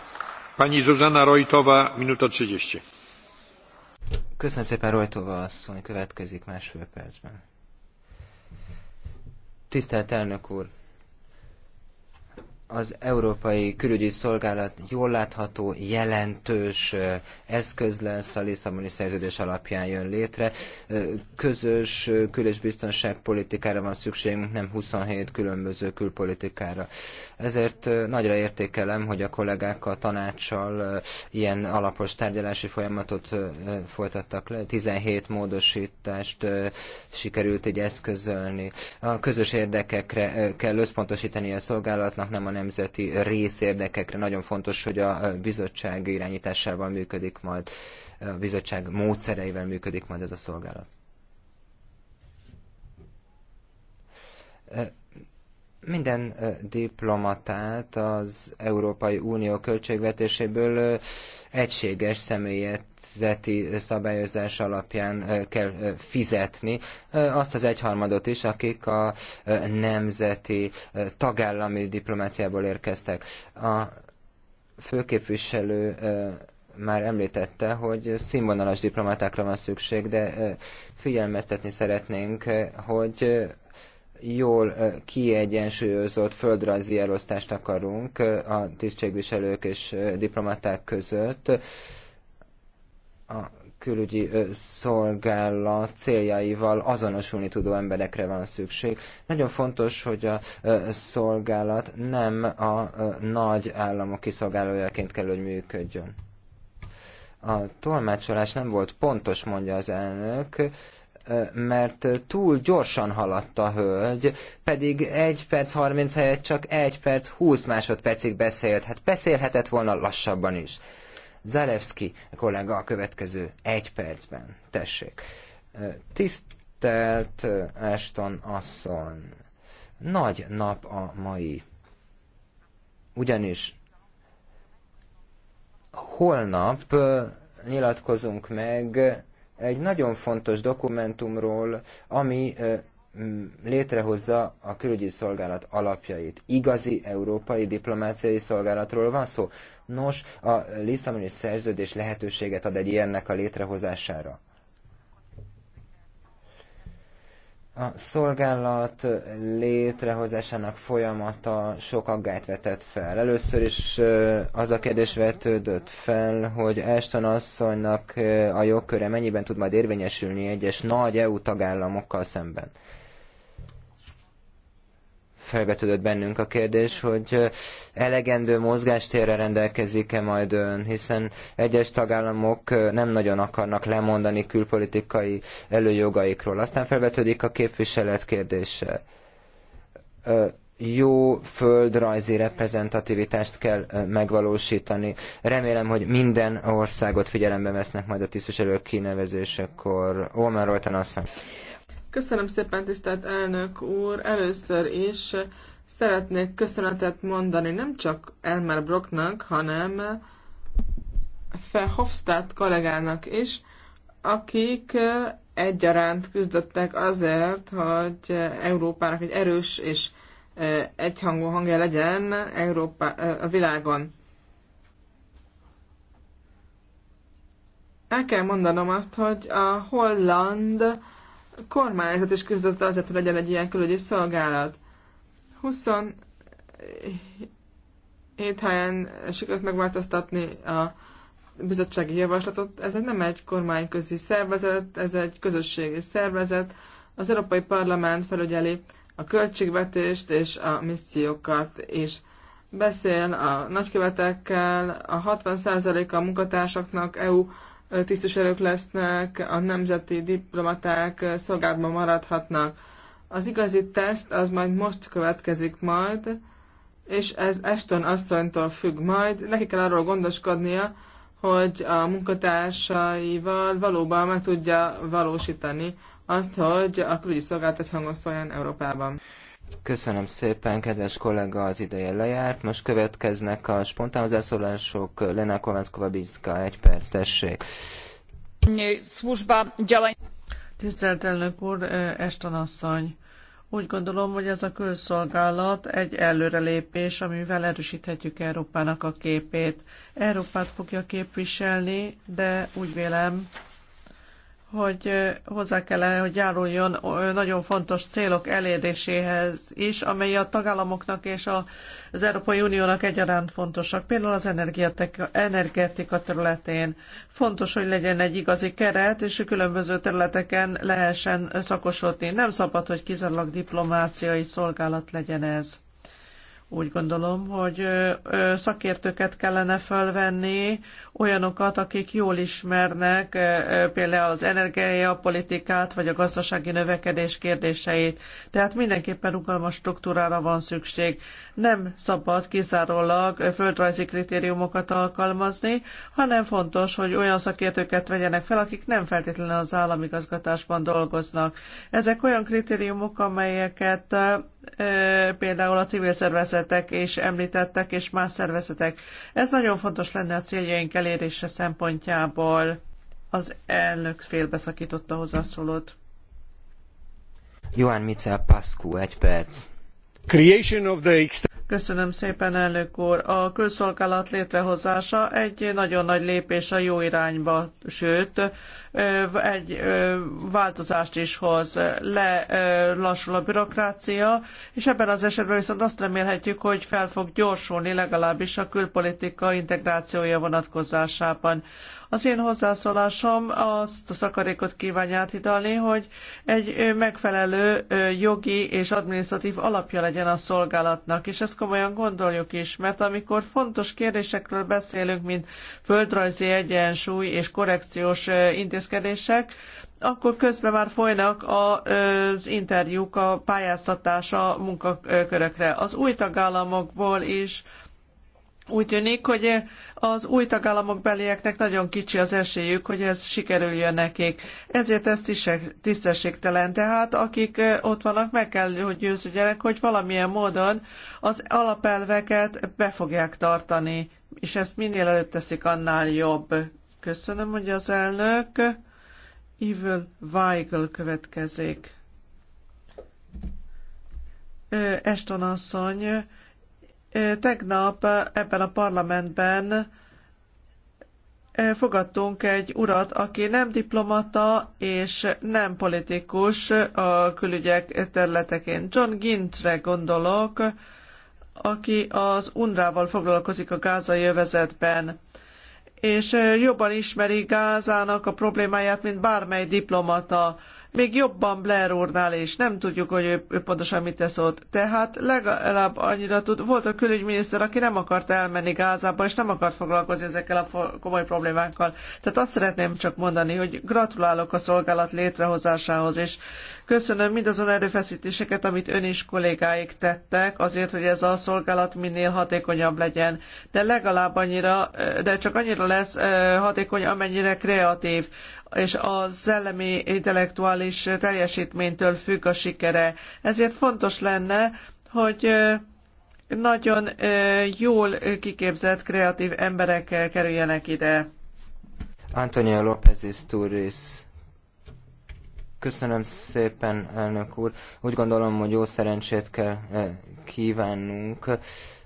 Pani Zuzana Rojtova, minuta 30. Köszönöm szépen, Rojtova asszony, következik másfél percben. Tisztelt elnök úr! az Európai Külügyi Szolgálat jól látható, jelentős eszköz lesz, a Lisszaboni szerződés alapján jön létre. Közös kül- és biztonságpolitikára van szükségünk, nem 27 különböző külpolitikára. Ezért nagyra értékelem, hogy a kollégák a tanácssal ilyen alapos tárgyalási folyamatot folytattak le. 17 módosítást sikerült így eszközölni. A közös érdekekre kell összpontosítani a szolgálatnak, nem a nem nemzeti részérdekekre. Nagyon fontos, hogy a bizottság irányításával működik majd, a bizottság módszereivel működik majd ez a szolgálat minden diplomatát az Európai Unió költségvetéséből egységes személyzeti szabályozás alapján kell fizetni, azt az egyharmadot is, akik a nemzeti tagállami diplomáciából érkeztek. A főképviselő már említette, hogy színvonalas diplomatákra van szükség, de figyelmeztetni szeretnénk, hogy jól kiegyensúlyozott földrajzi elosztást akarunk a tisztségviselők és diplomaták között. A külügyi szolgálat céljaival azonosulni tudó emberekre van szükség. Nagyon fontos, hogy a szolgálat nem a nagy államok kiszolgálójaként kell, hogy működjön. A tolmácsolás nem volt pontos, mondja az elnök mert túl gyorsan haladt a hölgy, pedig 1 perc 30 helyett csak 1 perc 20 másodpercig beszélt. Hát beszélhetett volna lassabban is. Zalewski kollega a következő egy percben. Tessék. Tisztelt Ashton asszony, nagy nap a mai. Ugyanis holnap nyilatkozunk meg egy nagyon fontos dokumentumról, ami létrehozza a külügyi szolgálat alapjait. Igazi európai diplomáciai szolgálatról van szó. Nos, a Lisszaboni szerződés lehetőséget ad egy ilyennek a létrehozására. A szolgálat létrehozásának folyamata sok aggályt vetett fel. Először is az a kérdés vetődött fel, hogy Ashton asszonynak a jogköre mennyiben tud majd érvényesülni egyes nagy EU tagállamokkal szemben felvetődött bennünk a kérdés, hogy elegendő mozgástérre rendelkezik-e majd ön, hiszen egyes tagállamok nem nagyon akarnak lemondani külpolitikai előjogaikról. Aztán felvetődik a képviselet kérdése jó földrajzi reprezentativitást kell megvalósítani. Remélem, hogy minden országot figyelembe vesznek majd a tisztviselők kinevezésekor. Olmer Rojtan asszony. Köszönöm szépen, tisztelt elnök úr! Először is szeretnék köszönetet mondani nem csak Elmer Brocknak, hanem Verhofstadt kollégának is, akik egyaránt küzdöttek azért, hogy Európának egy erős és egyhangú hangja legyen Európa, a világon. El kell mondanom azt, hogy a holland kormányzat is küzdött azért, hogy legyen egy ilyen külügyi szolgálat. 27 helyen sikerült megváltoztatni a bizottsági javaslatot. Ez nem egy kormányközi szervezet, ez egy közösségi szervezet. Az Európai Parlament felügyeli a költségvetést és a missziókat és Beszél a nagykövetekkel, a 60% a munkatársaknak EU tisztviselők lesznek, a nemzeti diplomaták szolgálatban maradhatnak. Az igazi teszt az majd most következik majd, és ez Eston asszonytól függ majd. Neki kell arról gondoskodnia, hogy a munkatársaival valóban meg tudja valósítani azt, hogy a külügyi szolgálat egy hangon szóljon Európában. Köszönöm szépen, kedves kollega, az ideje lejárt. Most következnek a spontán hozzászólások. Lena Kovánszkova bizka egy perc, tessék. Tisztelt elnök úr, eh, Eston asszony! Úgy gondolom, hogy ez a közszolgálat egy előrelépés, amivel erősíthetjük Európának a képét. Európát fogja képviselni, de úgy vélem, hogy hozzá kell, hogy járuljon nagyon fontos célok eléréséhez is, amely a tagállamoknak és az Európai Uniónak egyaránt fontosak, például az energetika területén. Fontos, hogy legyen egy igazi keret, és különböző területeken lehessen szakosodni. Nem szabad, hogy kizárólag diplomáciai szolgálat legyen ez. Úgy gondolom, hogy szakértőket kellene fölvenni, olyanokat, akik jól ismernek például az energiapolitikát vagy a gazdasági növekedés kérdéseit. Tehát mindenképpen rugalmas struktúrára van szükség. Nem szabad kizárólag földrajzi kritériumokat alkalmazni, hanem fontos, hogy olyan szakértőket vegyenek fel, akik nem feltétlenül az államigazgatásban dolgoznak. Ezek olyan kritériumok, amelyeket például a civil szervezetek és említettek, és más szervezetek. Ez nagyon fontos lenne a céljaink elérése szempontjából. Az elnök félbeszakította hozzászólót. Johan Michel Pascu, egy perc. Creation of the Köszönöm szépen, elnök úr. A közszolgálat létrehozása egy nagyon nagy lépés a jó irányba, sőt, egy változást is hoz. Lelassul a bürokrácia, és ebben az esetben viszont azt remélhetjük, hogy fel fog gyorsulni legalábbis a külpolitika integrációja vonatkozásában. Az én hozzászólásom azt a szakadékot kívánja áthidalni, hogy egy megfelelő jogi és adminisztratív alapja legyen a szolgálatnak, és ezt komolyan gondoljuk is, mert amikor fontos kérdésekről beszélünk, mint földrajzi egyensúly és korrekciós intézkedések, akkor közben már folynak az interjúk, a a munkakörökre. Az új tagállamokból is úgy tűnik, hogy az új tagállamok belieknek nagyon kicsi az esélyük, hogy ez sikerüljön nekik. Ezért ez tisztességtelen. Tehát akik ott vannak, meg kell, hogy győződjenek, hogy valamilyen módon az alapelveket be fogják tartani, és ezt minél előbb teszik, annál jobb. Köszönöm, hogy az elnök. Evil Weigel következik. Eston asszony, Tegnap ebben a parlamentben fogadtunk egy urat, aki nem diplomata és nem politikus a külügyek területekén. John Gintre gondolok, aki az UNRWA-val foglalkozik a gázai övezetben és jobban ismeri Gázának a problémáját, mint bármely diplomata még jobban Blair úrnál is, nem tudjuk, hogy ő, ő pontosan mit tesz ott. Tehát legalább annyira tud, volt a külügyminiszter, aki nem akart elmenni Gázába, és nem akart foglalkozni ezekkel a komoly problémákkal. Tehát azt szeretném csak mondani, hogy gratulálok a szolgálat létrehozásához, és Köszönöm mindazon erőfeszítéseket, amit ön és kollégáik tettek azért, hogy ez a szolgálat minél hatékonyabb legyen. De legalább annyira, de csak annyira lesz hatékony, amennyire kreatív és a szellemi intellektuális teljesítménytől függ a sikere. Ezért fontos lenne, hogy nagyon jól kiképzett, kreatív emberek kerüljenek ide. Antonio López Isturiz Köszönöm szépen, elnök úr. Úgy gondolom, hogy jó szerencsét kell eh, kívánnunk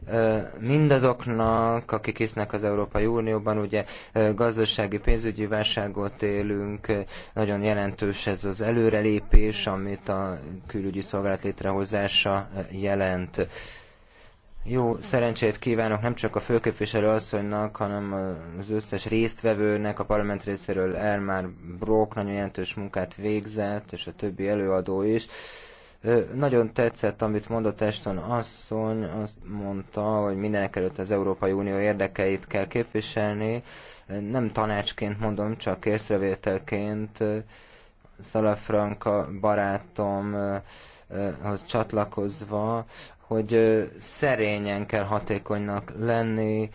eh, mindazoknak, akik hisznek az Európai Unióban. Ugye eh, gazdasági, pénzügyi válságot élünk, nagyon jelentős ez az előrelépés, amit a külügyi szolgálat létrehozása jelent. Jó szerencsét kívánok nem csak a főképviselő asszonynak, hanem az összes résztvevőnek a parlament részéről Elmár Brock nagyon jelentős munkát végzett, és a többi előadó is. Nagyon tetszett, amit mondott Eston asszony, azt mondta, hogy mindenek előtt az Európai Unió érdekeit kell képviselni. Nem tanácsként mondom, csak észrevételként. Szalafranka barátom hoz csatlakozva hogy szerényen kell hatékonynak lenni.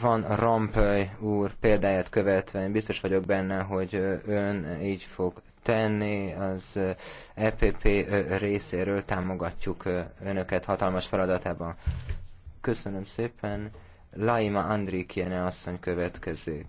Van Rampöly úr példáját követve, én biztos vagyok benne, hogy ön így fog tenni, az EPP részéről támogatjuk önöket hatalmas feladatában. Köszönöm szépen. Laima Andrikiene asszony következik.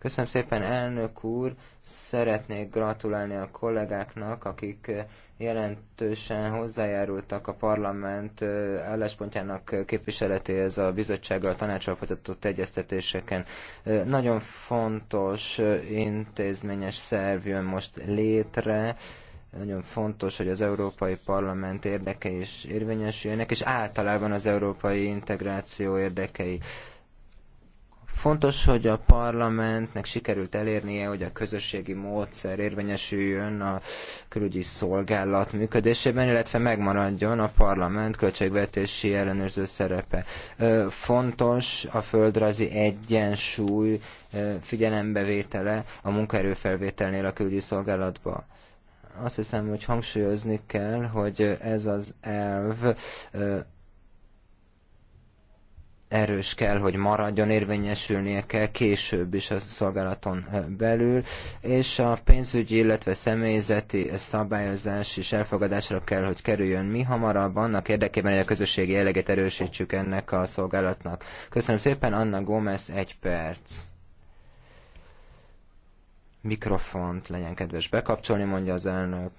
Köszönöm szépen, elnök úr! Szeretnék gratulálni a kollégáknak, akik eh, jelentősen hozzájárultak a parlament eh, álláspontjának képviseletéhez a bizottsággal tanácsal folytatott egyeztetéseken. Eh, nagyon fontos intézményes szerv jön most létre, nagyon fontos, hogy az Európai Parlament érdekei is érvényesüljenek, és általában az európai integráció érdekei Fontos, hogy a parlamentnek sikerült elérnie, hogy a közösségi módszer érvényesüljön a külügyi szolgálat működésében, illetve megmaradjon a parlament költségvetési ellenőrző szerepe. Fontos a földrajzi egyensúly figyelembevétele a munkaerőfelvételnél a külügyi szolgálatba azt hiszem, hogy hangsúlyozni kell, hogy ez az elv erős kell, hogy maradjon, érvényesülnie kell később is a szolgálaton eh, belül, és a pénzügyi, illetve személyzeti szabályozás is elfogadásra kell, hogy kerüljön mi hamarabb, annak érdekében, hogy a közösségi jelleget erősítsük ennek a szolgálatnak. Köszönöm szépen, Anna Gómez, egy perc. Mikrofont legyen kedves bekapcsolni, mondja az elnök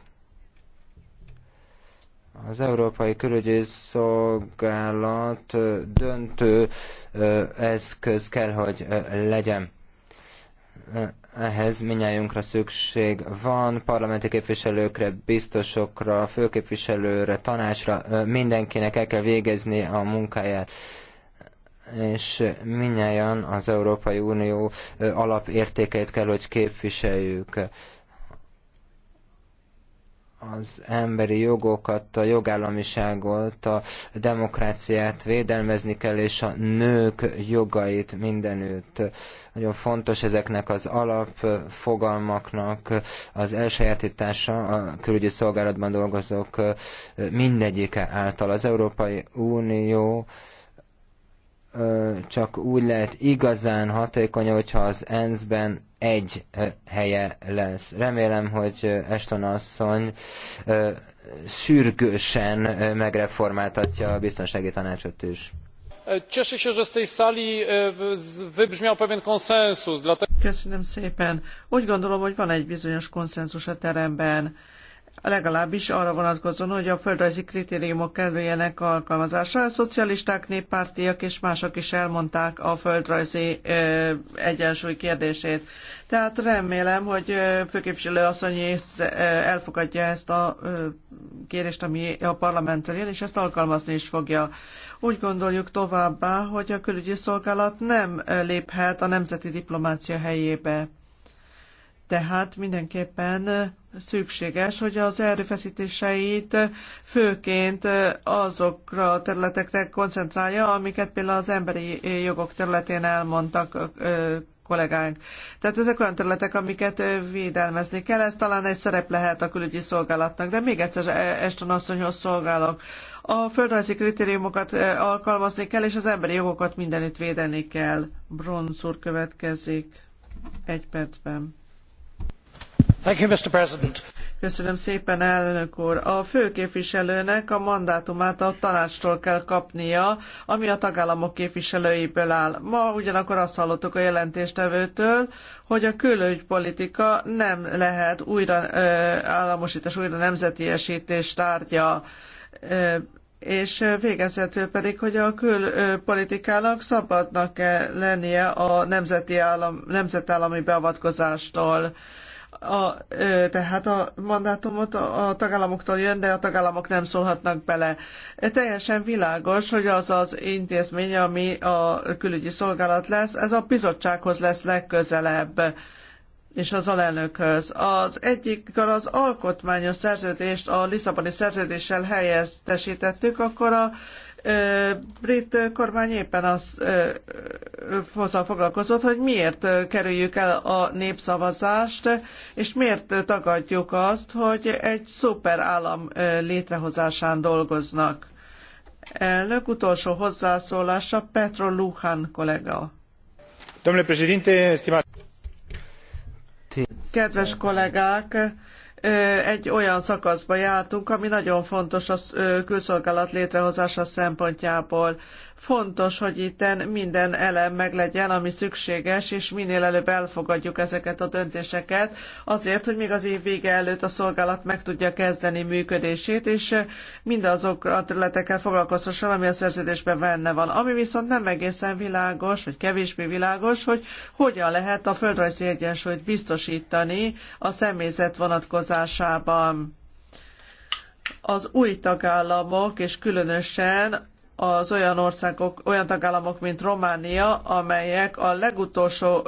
az Európai Külügyi Szolgálat döntő eszköz kell, hogy legyen. Ehhez minnyájunkra szükség van, parlamenti képviselőkre, biztosokra, főképviselőre, tanácsra, mindenkinek el kell végezni a munkáját és minnyáján az Európai Unió alapértékeit kell, hogy képviseljük az emberi jogokat, a jogállamiságot, a demokráciát védelmezni kell, és a nők jogait mindenütt. Nagyon fontos ezeknek az alapfogalmaknak az elsajátítása a külügyi szolgálatban dolgozók mindegyike által. Az Európai Unió csak úgy lehet igazán hatékony, hogyha az ENSZ-ben egy helye lesz. Remélem, hogy Eston asszony sürgősen megreformáltatja a biztonsági tanácsot is. Cieszę się, że z tej sali e, wybrzmiał pewien konsensus. Dlatego... Köszönöm szépen. Úgy gondolom, hogy van egy bizonyos konszenzus a teremben legalábbis arra vonatkozóan, hogy a földrajzi kritériumok kerüljenek alkalmazásra. A szocialisták, néppártiak és mások is elmondták a földrajzi ö, egyensúly kérdését. Tehát remélem, hogy főképviselő asszony észre, elfogadja ezt a kérést, ami a parlamenttől jön, és ezt alkalmazni is fogja. Úgy gondoljuk továbbá, hogy a külügyi szolgálat nem léphet a nemzeti diplomácia helyébe. Tehát mindenképpen szükséges, hogy az erőfeszítéseit főként azokra a területekre koncentrálja, amiket például az emberi jogok területén elmondtak kollégánk. Tehát ezek olyan területek, amiket védelmezni kell, ez talán egy szerep lehet a külügyi szolgálatnak, de még egyszer Eston asszonyhoz szolgálok. A földrajzi kritériumokat alkalmazni kell, és az emberi jogokat mindenütt védeni kell. Bronzur következik egy percben mr president Köszönöm szépen, elnök úr. A főképviselőnek a mandátumát a tanácstól kell kapnia, ami a tagállamok képviselőiből áll. Ma ugyanakkor azt hallottuk a jelentéstevőtől, hogy a külügypolitika nem lehet újra ö, államosítás, újra nemzetiesítés tárgya. Ö, és végezetül pedig, hogy a külpolitikának szabadnak kell lennie a nemzeti állam, nemzetállami beavatkozástól. Ö, a, tehát a mandátumot a tagállamoktól jön, de a tagállamok nem szólhatnak bele. Teljesen világos, hogy az az intézmény, ami a külügyi szolgálat lesz, ez a bizottsághoz lesz legközelebb és az alelnökhöz. Az egyik, az alkotmányos szerződést a Lisszaboni szerződéssel helyettesítettük, akkor a brit kormány éppen az hozzá foglalkozott, hogy miért kerüljük el a népszavazást, és miért tagadjuk azt, hogy egy szuperállam létrehozásán dolgoznak. Elnök utolsó hozzászólása Petro Luhan kollega. Domnule președinte, stimat... Kedves kollégák, egy olyan szakaszba jártunk, ami nagyon fontos a külszolgálat létrehozása szempontjából. Fontos, hogy itten minden elem meglegyen, ami szükséges, és minél előbb elfogadjuk ezeket a döntéseket, azért, hogy még az év vége előtt a szolgálat meg tudja kezdeni működését, és mindazok a területekkel foglalkozhasson, ami a szerződésben benne van. Ami viszont nem egészen világos, vagy kevésbé világos, hogy hogyan lehet a földrajzi egyensúlyt biztosítani a személyzet vonatkozásában az új tagállamok, és különösen az olyan országok, olyan tagállamok, mint Románia, amelyek a legutolsó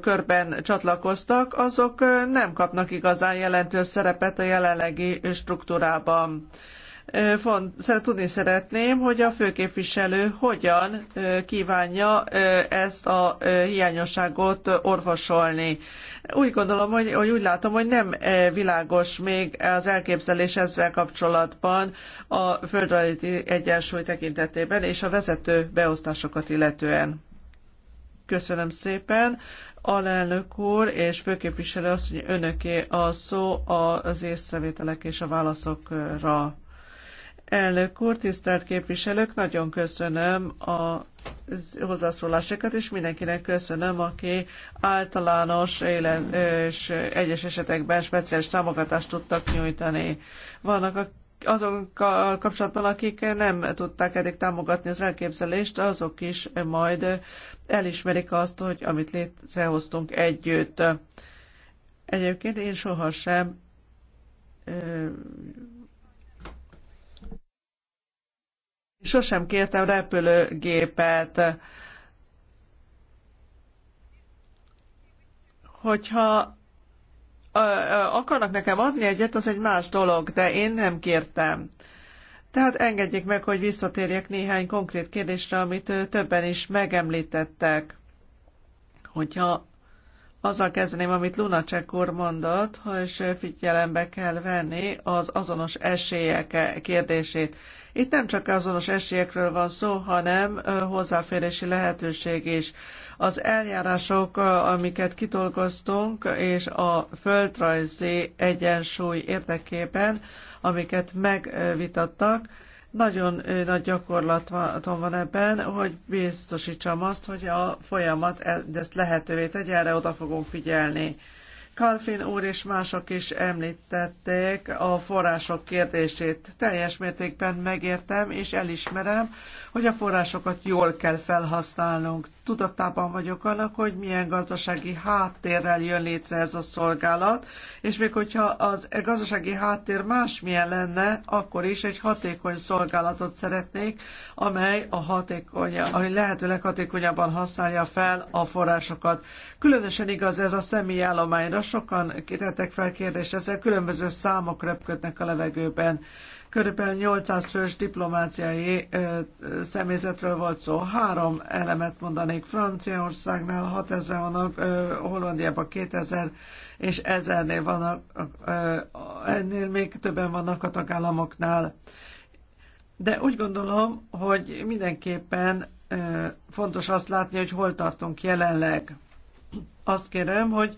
körben csatlakoztak, azok nem kapnak igazán jelentős szerepet a jelenlegi struktúrában tudni szeretném, hogy a főképviselő hogyan kívánja ezt a hiányosságot orvosolni. Úgy gondolom, hogy, hogy úgy látom, hogy nem világos még az elképzelés ezzel kapcsolatban a földrajzi egyensúly tekintetében és a vezető beosztásokat illetően. Köszönöm szépen. Alelnök úr és főképviselő asszony önöké a szó az észrevételek és a válaszokra. Elnök úr, tisztelt képviselők, nagyon köszönöm a hozzászólásokat, és mindenkinek köszönöm, aki általános élen, és egyes esetekben speciális támogatást tudtak nyújtani. Vannak a azokkal kapcsolatban, akik nem tudták eddig támogatni az elképzelést, azok is majd elismerik azt, hogy amit létrehoztunk együtt. Egyébként én sohasem Sosem kértem repülőgépet. Hogyha akarnak nekem adni egyet, az egy más dolog, de én nem kértem. Tehát engedjék meg, hogy visszatérjek néhány konkrét kérdésre, amit többen is megemlítettek. Hogyha azzal kezdeném, amit Lunacek úr mondott, és figyelembe kell venni az azonos esélyek kérdését. Itt nem csak azonos esélyekről van szó, hanem hozzáférési lehetőség is. Az eljárások, amiket kitolgoztunk, és a földrajzi egyensúly érdekében, amiket megvitattak, nagyon nagy gyakorlatom van ebben, hogy biztosítsam azt, hogy a folyamat e- ezt lehetővé tegye, erre oda fogunk figyelni. Kalfin úr és mások is említették a források kérdését. Teljes mértékben megértem és elismerem, hogy a forrásokat jól kell felhasználnunk tudatában vagyok annak, hogy milyen gazdasági háttérrel jön létre ez a szolgálat, és még hogyha az e gazdasági háttér másmilyen lenne, akkor is egy hatékony szolgálatot szeretnék, amely a hatékony, ami lehetőleg hatékonyabban használja fel a forrásokat. Különösen igaz ez a személyi állományra. sokan tettek fel kérdést, ezzel különböző számok repködnek a levegőben körülbelül 800 fős diplomáciai személyzetről volt szó. Három elemet mondanék. Franciaországnál 6000 vannak, Hollandiában 2000, és 1000-nél vannak, ennél még többen vannak a tagállamoknál. De úgy gondolom, hogy mindenképpen fontos azt látni, hogy hol tartunk jelenleg. Azt kérem, hogy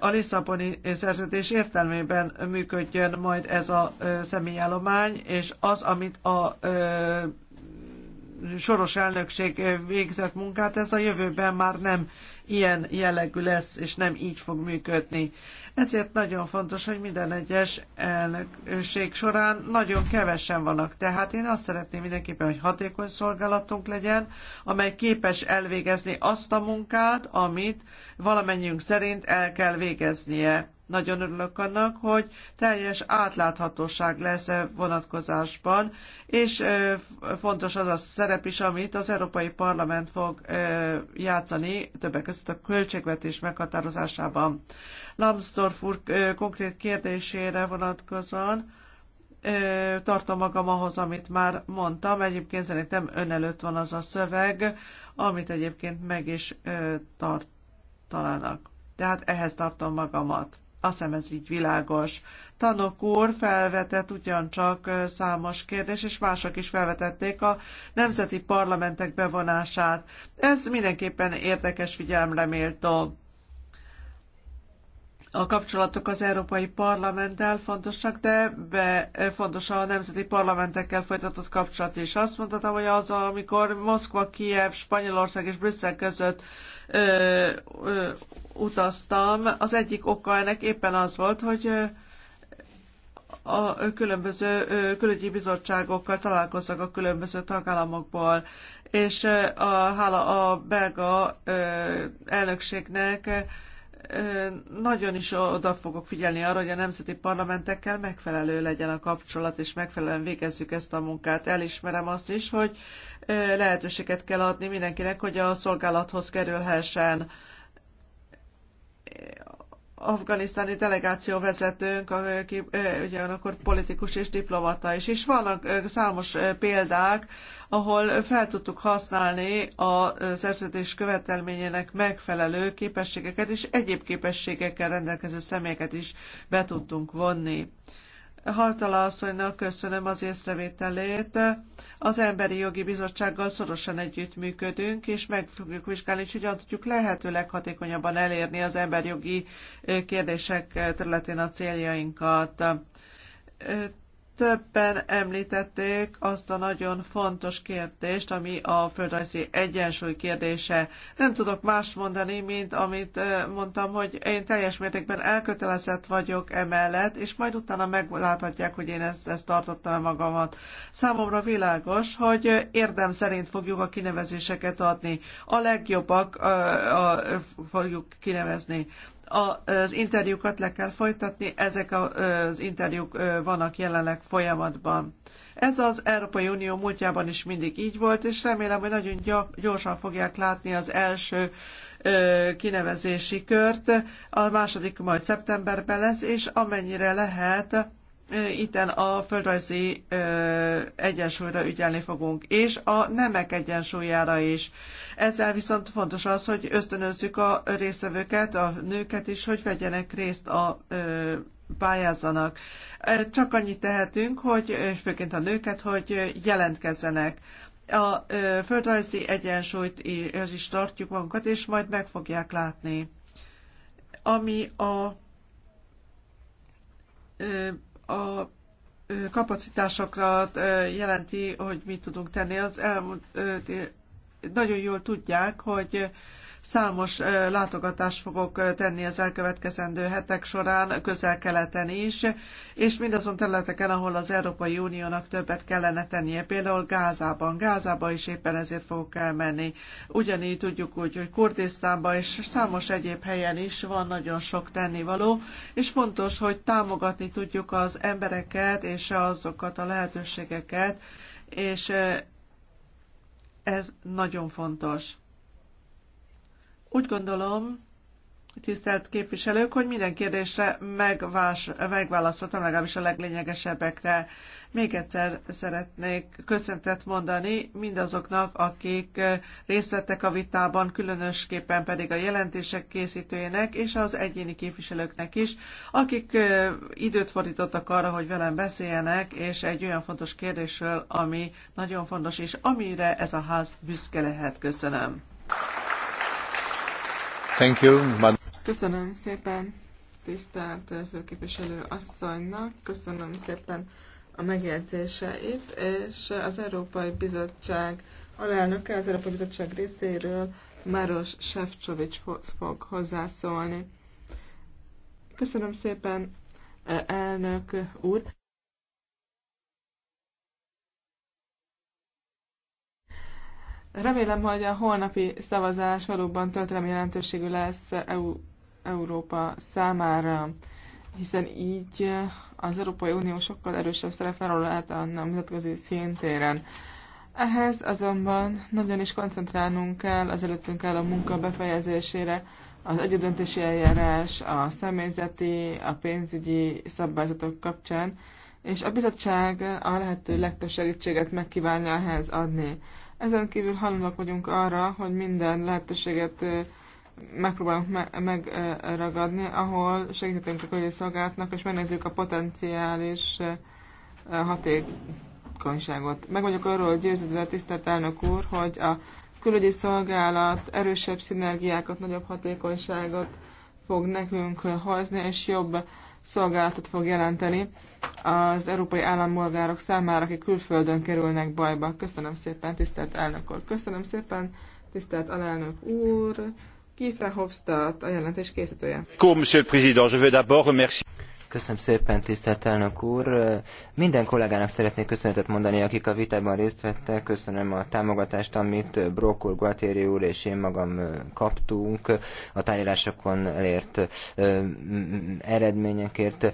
a Lisszaboni szerződés értelmében működjön majd ez a személyállomány, és az, amit a soros elnökség végzett munkát, ez a jövőben már nem ilyen jellegű lesz, és nem így fog működni. Ezért nagyon fontos, hogy minden egyes elnökség során nagyon kevesen vannak. Tehát én azt szeretném mindenképpen, hogy hatékony szolgálatunk legyen, amely képes elvégezni azt a munkát, amit valamennyiünk szerint el kell végeznie nagyon örülök annak, hogy teljes átláthatóság lesz e vonatkozásban, és fontos az a szerep is, amit az Európai Parlament fog játszani, többek között a költségvetés meghatározásában. Lambsdorff úr konkrét kérdésére vonatkozóan tartom magam ahhoz, amit már mondtam. Egyébként szerintem ön előtt van az a szöveg, amit egyébként meg is tartanak. Tehát ehhez tartom magamat. Azt hiszem ez így világos. Tanok úr felvetett ugyancsak számos kérdés, és mások is felvetették a nemzeti parlamentek bevonását. Ez mindenképpen érdekes figyelemre méltó a kapcsolatok az Európai Parlamenttel fontosak, de be, eh, fontos a nemzeti parlamentekkel folytatott kapcsolat is. Azt mondhatom, hogy az, amikor Moszkva, Kiev, Spanyolország és Brüsszel között ö, ö, utaztam, az egyik oka ennek éppen az volt, hogy a különböző külügyi bizottságokkal találkoztak a különböző tagállamokból, és a, hála a belga elnökségnek nagyon is oda fogok figyelni arra, hogy a nemzeti parlamentekkel megfelelő legyen a kapcsolat, és megfelelően végezzük ezt a munkát. Elismerem azt is, hogy lehetőséget kell adni mindenkinek, hogy a szolgálathoz kerülhessen afganisztáni delegáció vezetőnk, aki ugyanakkor politikus és diplomata is, és vannak számos példák, ahol fel tudtuk használni a szerződés követelményének megfelelő képességeket és egyéb képességekkel rendelkező személyeket is be tudtunk vonni. Haltala asszonynak köszönöm az észrevételét. Az Emberi Jogi Bizottsággal szorosan együttműködünk, és meg fogjuk vizsgálni, hogy hogyan tudjuk lehetőleg hatékonyabban elérni az emberi jogi kérdések területén a céljainkat Többen említették azt a nagyon fontos kérdést, ami a földrajzi egyensúly kérdése. Nem tudok mást mondani, mint amit mondtam, hogy én teljes mértékben elkötelezett vagyok emellett, és majd utána megláthatják, hogy én ezt, ezt tartottam magamat. Számomra világos, hogy érdem szerint fogjuk a kinevezéseket adni. A legjobbak a, a, fogjuk kinevezni az interjúkat le kell folytatni, ezek az interjúk vannak jelenleg folyamatban. Ez az Európai Unió múltjában is mindig így volt, és remélem, hogy nagyon gyorsan fogják látni az első kinevezési kört, a második majd szeptemberben lesz, és amennyire lehet, itten a földrajzi egyensúlyra ügyelni fogunk, és a nemek egyensúlyára is. Ezzel viszont fontos az, hogy ösztönözzük a részvevőket, a nőket is, hogy vegyenek részt a pályázzanak. Csak annyit tehetünk, hogy, főként a nőket, hogy jelentkezzenek. A földrajzi egyensúlyt is tartjuk magunkat, és majd meg fogják látni. Ami a a kapacitásokra jelenti, hogy mit tudunk tenni. Az elmúlt nagyon jól tudják, hogy Számos látogatást fogok tenni az elkövetkezendő hetek során, közel-keleten is, és mindazon területeken, ahol az Európai Uniónak többet kellene tennie, például Gázában. Gázába is éppen ezért fogok elmenni. Ugyanígy tudjuk úgy, hogy Kurdisztánban és számos egyéb helyen is van nagyon sok tennivaló, és fontos, hogy támogatni tudjuk az embereket és azokat a lehetőségeket, és ez nagyon fontos. Úgy gondolom, tisztelt képviselők, hogy minden kérdésre megvás, megválaszoltam, legalábbis a leglényegesebbekre. Még egyszer szeretnék köszöntet mondani mindazoknak, akik részt vettek a vitában, különösképpen pedig a jelentések készítőjének és az egyéni képviselőknek is, akik időt fordítottak arra, hogy velem beszéljenek, és egy olyan fontos kérdésről, ami nagyon fontos, és amire ez a ház büszke lehet. Köszönöm. Thank you. Köszönöm szépen tisztelt főképviselő asszonynak, köszönöm szépen a megjegyzéseit, és az Európai Bizottság alelnöke, az Európai Bizottság részéről Máros Sefcsovics fog hozzászólni. Köszönöm szépen, elnök úr! Remélem, hogy a holnapi szavazás valóban töltelem jelentőségű lesz EU, Európa számára, hiszen így az Európai Unió sokkal erősebb szerepelről lehet a nemzetközi szintéren. Ehhez azonban nagyon is koncentrálnunk kell az előttünk álló munka befejezésére, az egyedöntési eljárás, a személyzeti, a pénzügyi szabályzatok kapcsán, és a bizottság a lehető legtöbb segítséget megkívánja ehhez adni. Ezen kívül hajlandóak vagyunk arra, hogy minden lehetőséget megpróbálunk megragadni, ahol segíthetünk a külügyi szolgálatnak, és megnézzük a potenciális hatékonyságot. Meg vagyok arról győződve, tisztelt elnök úr, hogy a külügyi szolgálat erősebb szinergiákat, nagyobb hatékonyságot fog nekünk hozni, és jobb szolgálatot fog jelenteni az európai állampolgárok számára, akik külföldön kerülnek bajba. Köszönöm szépen, tisztelt elnök úr. Köszönöm szépen, tisztelt alelnök úr. Kiefer Hofstadt, a jelentés készítője. Monsieur le Président, je veux d'abord remercier... Köszönöm szépen, tisztelt elnök úr. Minden kollégának szeretnék köszönetet mondani, akik a vitában részt vettek. Köszönöm a támogatást, amit Brok úr, Gualtieri úr és én magam kaptunk a tárgyalásokon elért eredményekért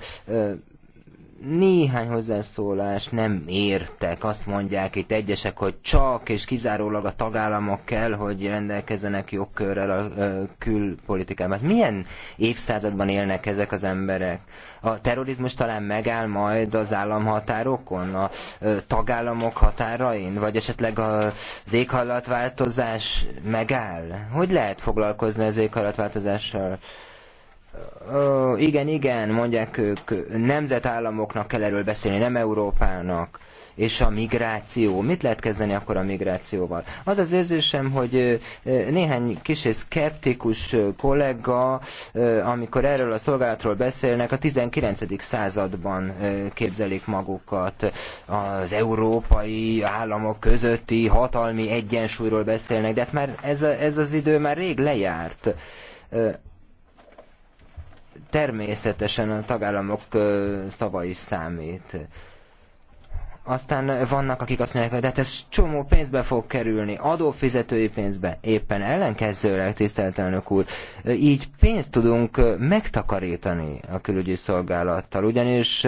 néhány hozzászólás nem értek. Azt mondják itt egyesek, hogy csak és kizárólag a tagállamok kell, hogy rendelkezzenek jogkörrel a külpolitikában. Hát milyen évszázadban élnek ezek az emberek? A terrorizmus talán megáll majd az államhatárokon, a tagállamok határain, vagy esetleg az éghajlatváltozás megáll? Hogy lehet foglalkozni az éghajlatváltozással? igen, igen, mondják ők, nemzetállamoknak kell erről beszélni, nem Európának. És a migráció. Mit lehet kezdeni akkor a migrációval? Az az érzésem, hogy néhány kis és szkeptikus kollega, amikor erről a szolgálatról beszélnek, a 19. században képzelik magukat. Az európai államok közötti hatalmi egyensúlyról beszélnek, de hát már ez, ez az idő már rég lejárt természetesen a tagállamok szava is számít. Aztán vannak, akik azt mondják, hogy hát ez csomó pénzbe fog kerülni, adófizetői pénzbe, éppen ellenkezőleg, tisztelt elnök úr. Így pénzt tudunk megtakarítani a külügyi szolgálattal, ugyanis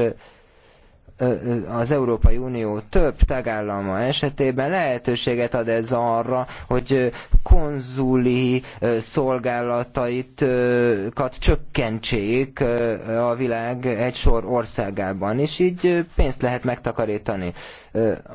az Európai Unió több tagállama esetében lehetőséget ad ez arra, hogy konzuli szolgálataitkat csökkentsék a világ egy sor országában, és így pénzt lehet megtakarítani.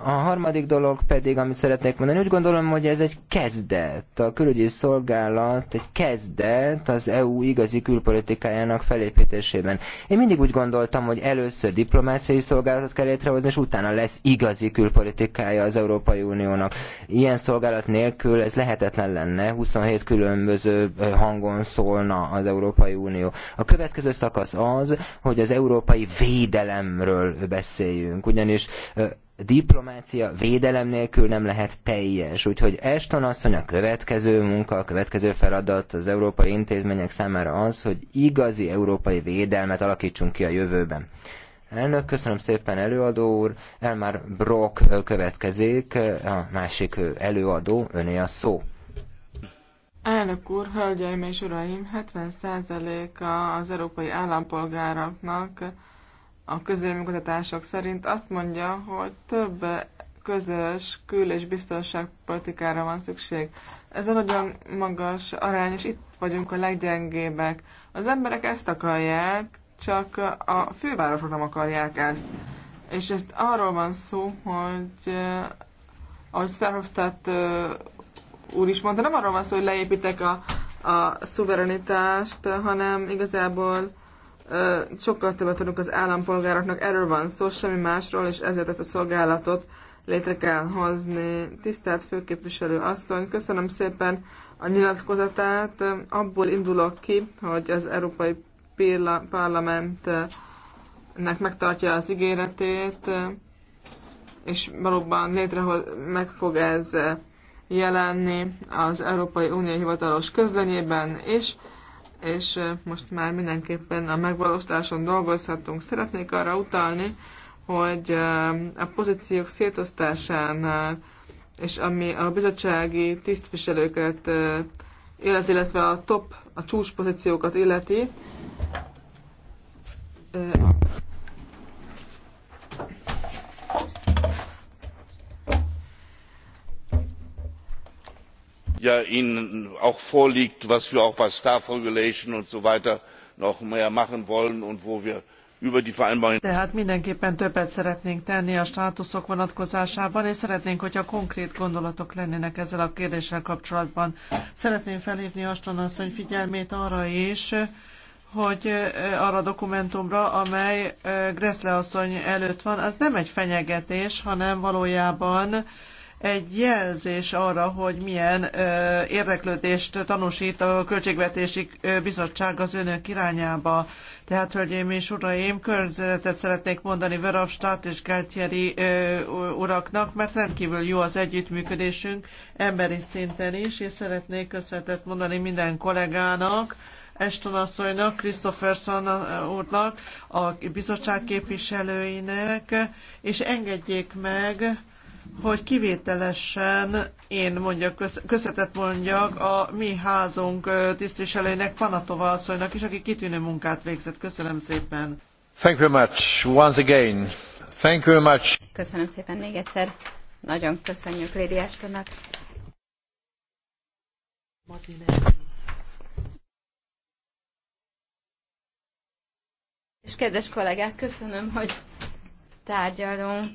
A harmadik dolog pedig, amit szeretnék mondani, úgy gondolom, hogy ez egy kezdet. A külügyi szolgálat egy kezdet az EU igazi külpolitikájának felépítésében. Én mindig úgy gondoltam, hogy először diplomáciai szolgálat, szolgálatot kell létrehozni, és utána lesz igazi külpolitikája az Európai Uniónak. Ilyen szolgálat nélkül ez lehetetlen lenne, 27 különböző hangon szólna az Európai Unió. A következő szakasz az, hogy az európai védelemről beszéljünk, ugyanis diplomácia védelem nélkül nem lehet teljes. Úgyhogy Ashton asszony a következő munka, a következő feladat az európai intézmények számára az, hogy igazi európai védelmet alakítsunk ki a jövőben. Elnök, köszönöm szépen előadó úr. Elmar Brock következik, a másik előadó, öné a szó. Elnök úr, hölgyeim és uraim, 70%-a az európai állampolgáraknak a közvéleménykutatások szerint azt mondja, hogy több közös kül- és biztonságpolitikára van szükség. Ez a nagyon magas arány, és itt vagyunk a leggyengébbek. Az emberek ezt akarják, csak a fővárosok nem akarják ezt. És ezt arról van szó, hogy eh, ahogy Verhofstadt eh, úr is mondta, nem arról van szó, hogy leépítek a, a szuverenitást, hanem igazából eh, sokkal többet adunk az állampolgároknak, erről van szó, semmi másról, és ezért ezt a szolgálatot létre kell hozni. Tisztelt főképviselő asszony, köszönöm szépen a nyilatkozatát. Abból indulok ki, hogy az Európai parlamentnek megtartja az ígéretét, és valóban létrehoz, meg fog ez jelenni az Európai Unió hivatalos közlönyében is, és most már mindenképpen a megvalósításon dolgozhatunk. Szeretnék arra utalni, hogy a pozíciók szétosztásánál, és ami a bizottsági tisztviselőket illeti, illetve a top, a csúcs pozíciókat illeti, ja ihnen auch vorliegt was wir auch bei staff regulation und so weiter noch mehr machen wollen und wo wir über die vereinbarung. Tehát mindenképpen többet szeretnénk tenni a státuszok vonatkozásában, és szeretnénk, hogyha konkrét gondolatok lennének ezzel a kérdéssel kapcsolatban. Szeretném felhívni Aston asszony figyelmét arra is, hogy arra a dokumentumra, amely Greszle asszony előtt van, az nem egy fenyegetés, hanem valójában egy jelzés arra, hogy milyen érdeklődést tanúsít a Költségvetési Bizottság az önök irányába. Tehát, hölgyeim és uraim, környezetet szeretnék mondani Verhofstadt és Geltieri uraknak, mert rendkívül jó az együttműködésünk emberi szinten is, és szeretnék köszönetet mondani minden kollégának, Ashton asszonynak, Christopherson eh, úrnak, a bizottság képviselőinek, és engedjék meg, hogy kivételesen én mondjak, köszönetet mondjak a mi házunk eh, tisztviselőinek, Panatova asszonynak is, aki kitűnő munkát végzett. Köszönöm szépen. Thank you very much once again. Thank you very much. Köszönöm szépen még egyszer. Nagyon köszönjük Lady Ashtonnak. És kedves kollégák, köszönöm, hogy tárgyalunk.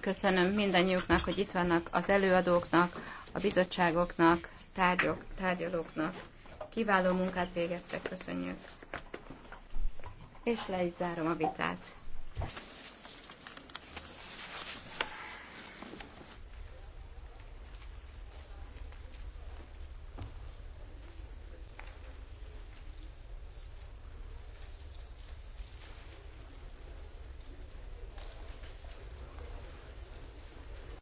Köszönöm mindannyiuknak, hogy itt vannak az előadóknak, a bizottságoknak, tárgyok, tárgyalóknak. Kiváló munkát végeztek, köszönjük. És le is zárom a vitát.